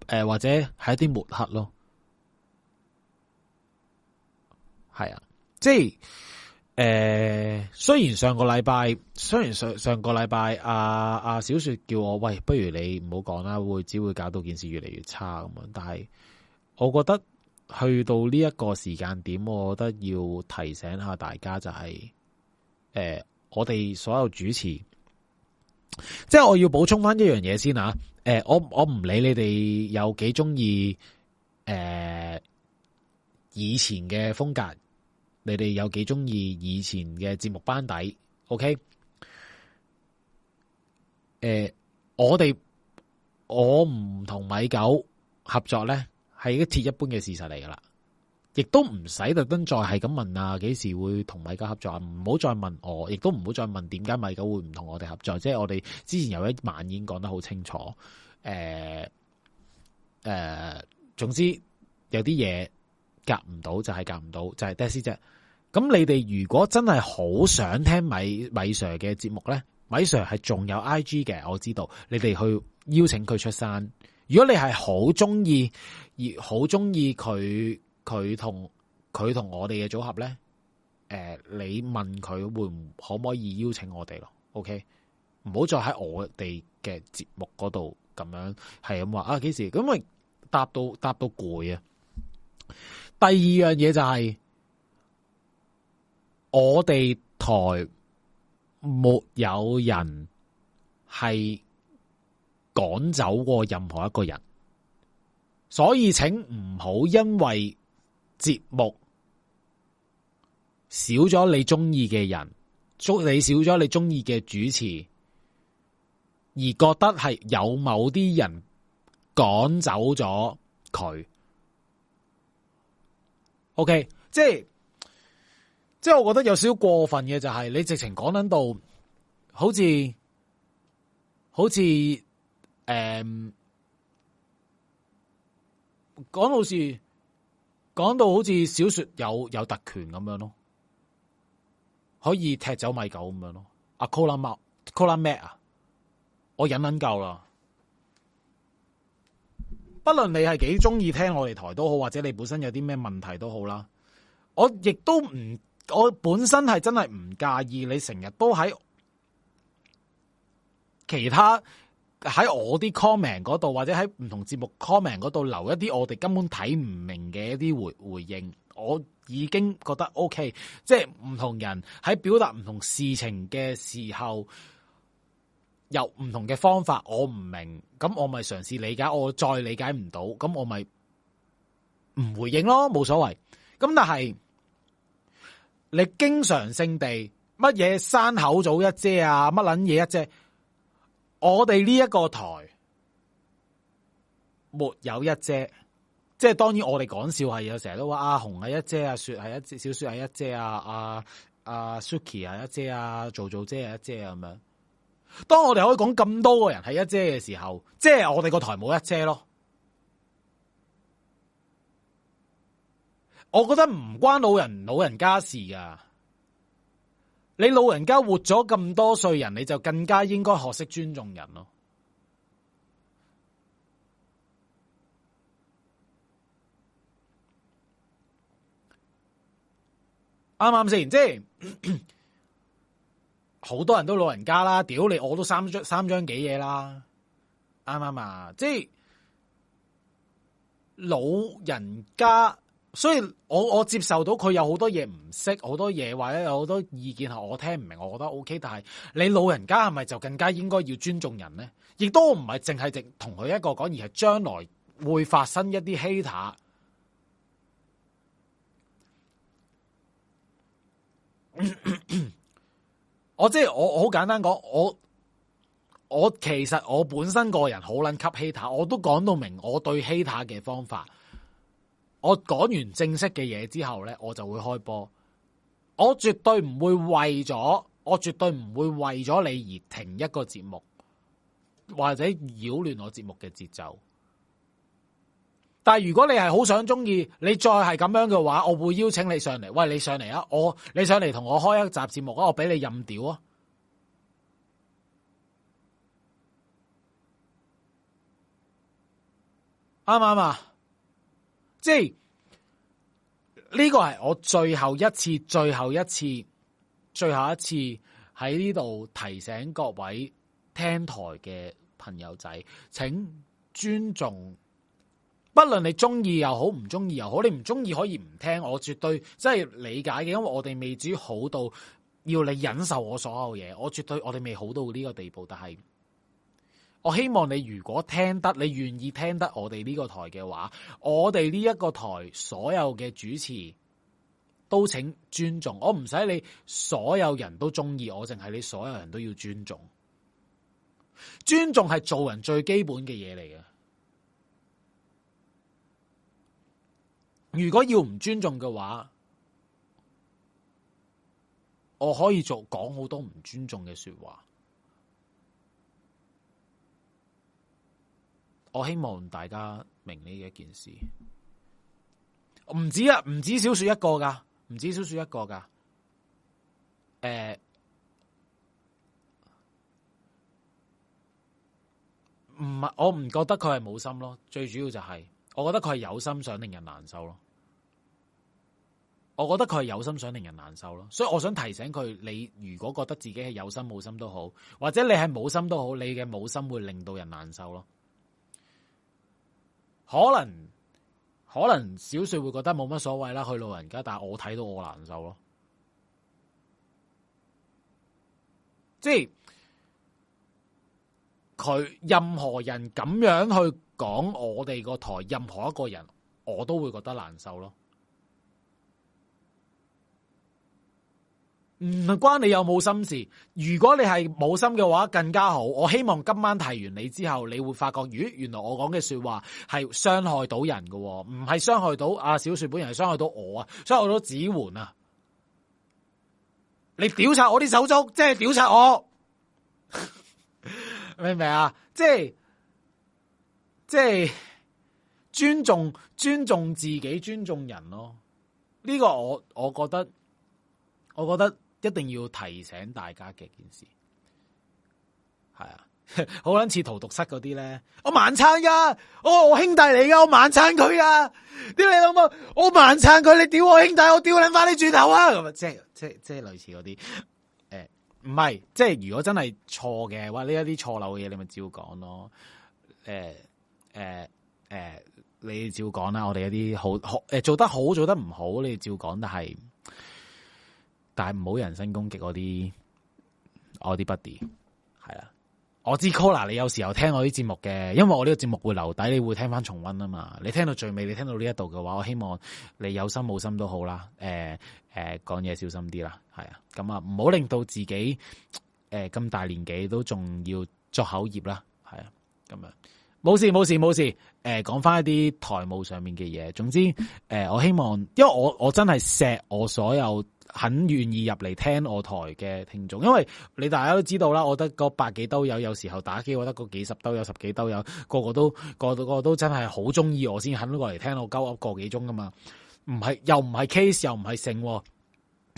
A: 呃、或者係一啲抹黑咯，係啊，即係誒、呃，雖然上個禮拜，雖然上上個禮拜阿阿、啊啊、小雪叫我喂，不如你唔好講啦，會只會搞到件事越嚟越差咁樣，但係我覺得去到呢一個時間點，我覺得要提醒下大家就係、是、誒。呃我哋所有主持，即係我要補充翻一樣嘢先啊！誒、呃，我我唔理你哋有幾中意誒以前嘅風格，你哋有幾中意以前嘅節目班底？OK，誒、呃，我哋我唔同米九合作咧，係一鐵一般嘅事實嚟噶啦。亦都唔使特登再係咁問啊，幾時會同米家合作啊？唔好再問我，亦都唔好再問點解米家會唔同我哋合作。即係我哋之前有一晚已經講得好清楚。誒、呃、誒、呃，總之有啲嘢夾唔到就係夾唔到，就係、是、dessy 啫。咁你哋如果真係好想聽米米 Sir 嘅節目咧，米 Sir 係仲有 I G 嘅，我知道你哋去邀請佢出山。如果你係好中意而好中意佢。佢同佢同我哋嘅組合咧，誒、呃，你問佢會唔可唔可以邀請我哋咯？OK，唔好再喺我哋嘅節目嗰度咁樣係咁話啊，幾時？咁咪答到答到攰啊！第二樣嘢就係、是、我哋台沒有人係趕走過任何一個人，所以請唔好因為。節目少咗你鍾意嘅人，祝你少咗你鍾意嘅主持，而覺得係有某啲人趕走咗佢。O、okay, K，即係即係，我覺得有少少過分嘅就係、是、你直情講緊到好似好似誒、嗯，講到是。講到好似小說有有特權咁樣咯，可以踢走米狗咁樣咯。阿 Call 啦 Mac，Call 啦咩？啊，Mac, 我忍忍夠啦。不論你係幾中意聽我哋台都好，或者你本身有啲咩問題都好啦，我亦都唔，我本身係真係唔介意你成日都喺其他。喺我啲 comment 嗰度，或者喺唔同節目 comment 嗰度留一啲我哋根本睇唔明嘅一啲回回應，我已經覺得 OK，即係唔同人喺表達唔同事情嘅時候，有唔同嘅方法我，我唔明，咁我咪嘗試理解，我再理解唔到，咁我咪唔回應咯，冇所謂。咁但係你經常性地乜嘢山口組一啫啊，乜撚嘢一啫。我哋呢一個台沒有一姐，即係當然我哋講笑係，有成日都話阿紅係一姐，阿雪係一姐，小雪係一姐，阿阿阿 Suki 係一姐，阿做做姐一姐咁樣。當我哋可以講咁多個人係一姐嘅時候，即係我哋個台冇一姐咯。我覺得唔關老人老人家事㗎。你老人家活咗咁多歲人，你就更加應該學識尊重人咯。啱啱先，即係好多人都老人家啦，屌你我都三張三張幾嘢啦，啱啱啊，即係老人家。所以我我接受到佢有好多嘢唔識，好多嘢或者有好多意見係我聽唔明，我覺得 OK。但係你老人家係咪就更加應該要尊重人咧？亦都唔係淨係直同佢一個講，而係將來會發生一啲希塔。我即係我好簡單講，我我其實我本身個人好捻吸希塔，我都講到明我對希塔嘅方法。我講完正式嘅嘢之後呢，我就會開播。我絕對唔會為咗，我絕對唔會為咗你而停一個節目，或者擾亂我節目嘅節奏。但係如果你係好想中意，你再係咁樣嘅話，我會邀請你上嚟。喂，你上嚟啊！我你上嚟同我開一集節目我你任啊！我俾你任屌啊！啱唔啱啊？即係呢個係我最後一次、最後一次、最後一次喺呢度提醒各位聽台嘅朋友仔，請尊重，不論你中意又好，唔中意又好，你唔中意可以唔聽，我絕對真係理解嘅，因為我哋未至於好到要你忍受我所有嘢，我絕對我哋未好到呢個地步，但係。我希望你如果聽得，你願意聽得我哋呢個台嘅話，我哋呢一個台所有嘅主持都請尊重。我唔使你所有人都中意我，我淨係你所有人都要尊重。尊重係做人最基本嘅嘢嚟嘅。如果要唔尊重嘅話，我可以做講好多唔尊重嘅說話。我希望大家明呢一件事不，唔止啊，唔止小說一個噶，唔止小說一個噶。誒、欸，唔係，我唔覺得佢係冇心咯。最主要就係，我覺得佢係有心想令人難受咯。我覺得佢係有心想令人難受咯。所以我想提醒佢，你如果覺得自己係有心冇心都好，或者你係冇心都好，你嘅冇心會令到人難受咯。可能可能小說會覺得冇乜所謂啦，佢老人家，但係我睇到我難受咯，即係佢任何人咁樣去講我哋個台，任何一個人我都會覺得難受咯。唔關你有冇心事，如果你係冇心嘅話，更加好。我希望今晚提完你之後，你會發覺，咦，原來我講嘅說話係傷害到人嘅，唔係傷害到阿小說本人，係傷害到我啊，傷害到子桓啊。 你調查我啲手足，即係調查我， 明唔明啊？即係即係尊重尊重自己，尊重人咯。呢、這個我我覺得，我覺得。一定要提醒大家嘅件事，係啊，好捻似荼毒室嗰啲咧。我盲撐㗎，我我兄弟嚟噶，我盲撐佢啊，屌你老母，我盲撐佢，你屌我兄弟，我屌你翻你轉頭啊！咁啊，即係即係即係類似嗰啲，誒、欸，唔係，即係如果真係錯嘅話，呢一啲錯漏嘅嘢，你咪照講咯。誒誒誒，你照講啦。我哋一啲好好誒，做得好做得唔好，你照講，但係。但係唔好人身攻擊我啲我啲 body 係啦，我知 Cola 你有時候聽我啲節目嘅，因為我呢個節目會留底，你會聽翻重溫啊嘛。你聽到最尾，你聽到呢一度嘅話，我希望你有心冇心都好啦。誒、呃、誒，講、呃、嘢，小心啲啦，係啊。咁啊，唔好令到自己誒咁、呃、大年紀都仲要作口業啦。係啊，咁啊，冇事冇事冇事。誒，講翻、呃、一啲台務上面嘅嘢。總之，誒、呃，我希望，因為我我真係錫我所有。很願意入嚟聽我台嘅聽眾，因為你大家都知道啦，我覺得個百幾兜友，有時候打機我覺得個幾十兜友，十幾兜友，個個都個個都真係好中意我，先肯過嚟聽我鳩噏個幾鐘㗎嘛，唔係又唔係 case，又唔係性，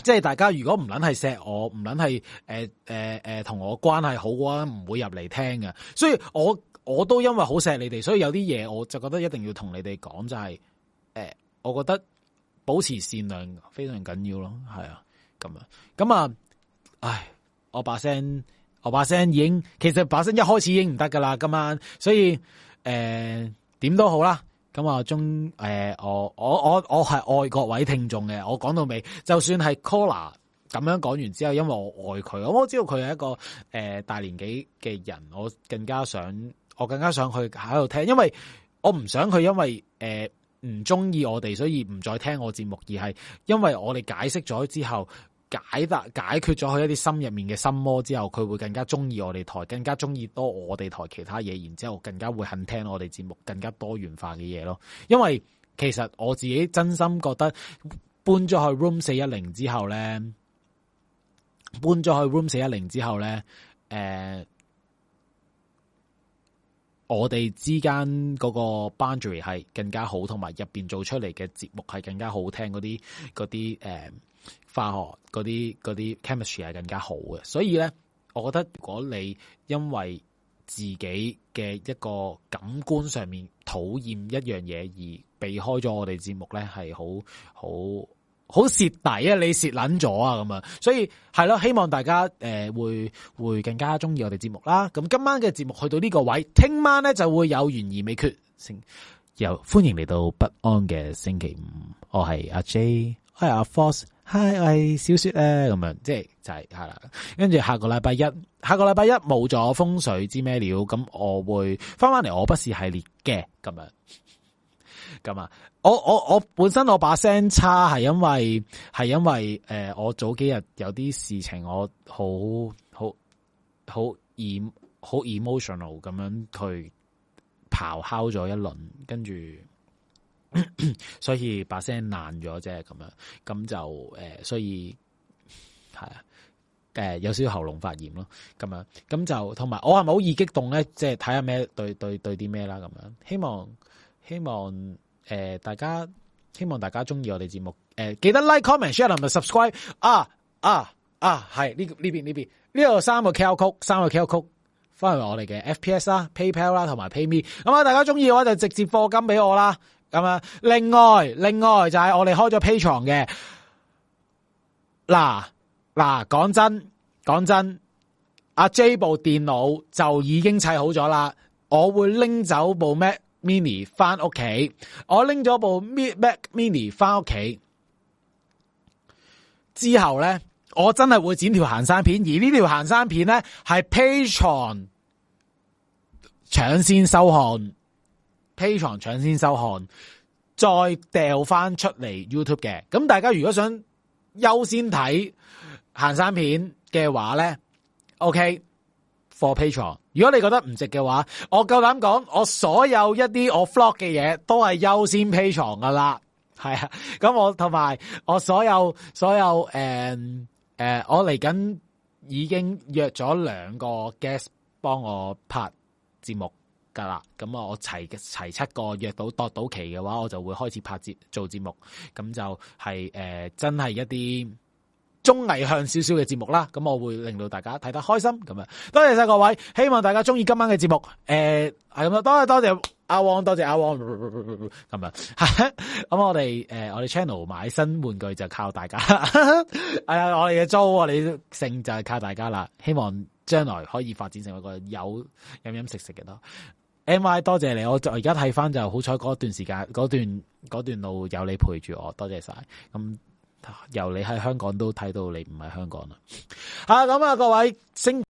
A: 即係大家如果唔撚係錫我，唔撚係誒誒誒同我關係好嘅話，唔會入嚟聽嘅，所以我我都因為好錫你哋，所以有啲嘢我就覺得一定要同你哋講、就是，就係誒，我覺得。保持善良非常緊要咯，係啊，咁啊，咁啊，唉，我把聲我把聲已經，其實把聲一開始已經唔得噶啦，今晚，啊，所以誒點、呃、都好啦，咁啊中誒、呃、我我我我係愛各位聽眾嘅，我講到尾，就算係 Cola 咁樣講完之後，因為我愛佢，我我知道佢係一個誒、呃、大年紀嘅人，我更加想我更加想去喺度聽，因為我唔想佢因為誒。呃唔中意我哋，所以唔再聽我節目，而係因為我哋解釋咗之後，解答解決咗佢一啲心入面嘅心魔之後，佢會更加中意我哋台，更加中意多我哋台其他嘢，然之後更加會肯聽我哋節目，更加多元化嘅嘢咯。因為其實我自己真心覺得搬咗去 Room 四一零之後咧，搬咗去 Room 四一零之後咧，誒、呃。我哋之間嗰個 boundary 係更加好，同埋入邊做出嚟嘅節目係更加好聽，嗰啲嗰啲誒化學嗰啲嗰啲 chemistry 係更加好嘅。所以呢，我覺得如果你因為自己嘅一個感官上面討厭一樣嘢而避開咗我哋節目呢，係好好。好蝕底啊！你蝕撚咗啊！咁啊，所以係咯，希望大家誒、呃、會會更加中意我哋節目啦。咁今晚嘅節目去到呢個位，聽晚咧，就會有懸而未決。成又歡迎嚟，到不安嘅星期五，我係阿 J，我係阿 Force，Hi，我係小雪咧、啊。咁樣即係就係係啦。跟住下個禮拜一，下個禮拜一冇咗風水知咩料？咁我會翻翻嚟，我不是系列嘅，咁樣咁 啊。我我我本身我把聲差係因為係因為誒、呃、我早幾日有啲事情我好好好 emotional 咁樣去咆哮咗一輪，跟住 所以把聲爛咗啫咁樣，咁就誒、呃、所以係啊，誒、呃、有少少喉嚨發炎咯，咁樣咁就同埋我係咪好易激動咧？即係睇下咩對對對啲咩啦咁樣，希望希望。誒、呃，大家希望大家中意我哋節目，誒、呃、記得 like comment、share、comment、share 同埋 subscribe 啊啊啊，係呢呢邊呢邊呢度三個 k a l o 曲，三個 k a l o 曲，翻嚟我哋嘅 FPS 啦、PayPal 啦同埋 PayMe，咁啊大家中意嘅話就直接貨金俾我啦，咁、嗯、啊，另外另外就係我哋開咗 Pay 床嘅，嗱嗱，講真講真，阿 J 部電腦就已經砌好咗啦，我會拎走部咩？mini 翻屋企，我拎咗部 Mac Mini 翻屋企之後咧，我真係會剪條行山片，而呢條行山片咧係 Patreon 搶先收看 Patreon 搶先收看，再掉翻出嚟 YouTube 嘅。咁大家如果想優先睇行山片嘅話咧，OK。for Patreon 如果你覺得唔值嘅話，我夠膽講，我所有一啲我 flog 嘅嘢都係優先 Patreon 噶啦，係啊，咁我同埋我所有所有誒誒、呃呃，我嚟緊已經約咗兩個 guest 幫我拍節目噶啦，咁啊我齊齊七個約到度到期嘅話，我就會開始拍節做節目，咁就係、是、誒、呃、真係一啲。綜藝向少少嘅節目啦，咁我會令到大家睇得開心咁啊！多謝晒各位，希望大家中意今晚嘅節目。誒、呃，係咁啦，多謝多謝阿旺，多謝阿旺咁啊！咁、呃、 我哋誒、呃，我哋 channel 買新玩具就靠大家，係啊，我哋嘅租你性就係靠大家啦。希望將來可以發展成為一個有飲飲食食嘅多。M Y 多謝你，我而家睇返就好彩嗰段時間，嗰段嗰段路有你陪住我，多謝晒咁。由你喺香港都睇到你唔喺香港啊吓，咁啊各位星。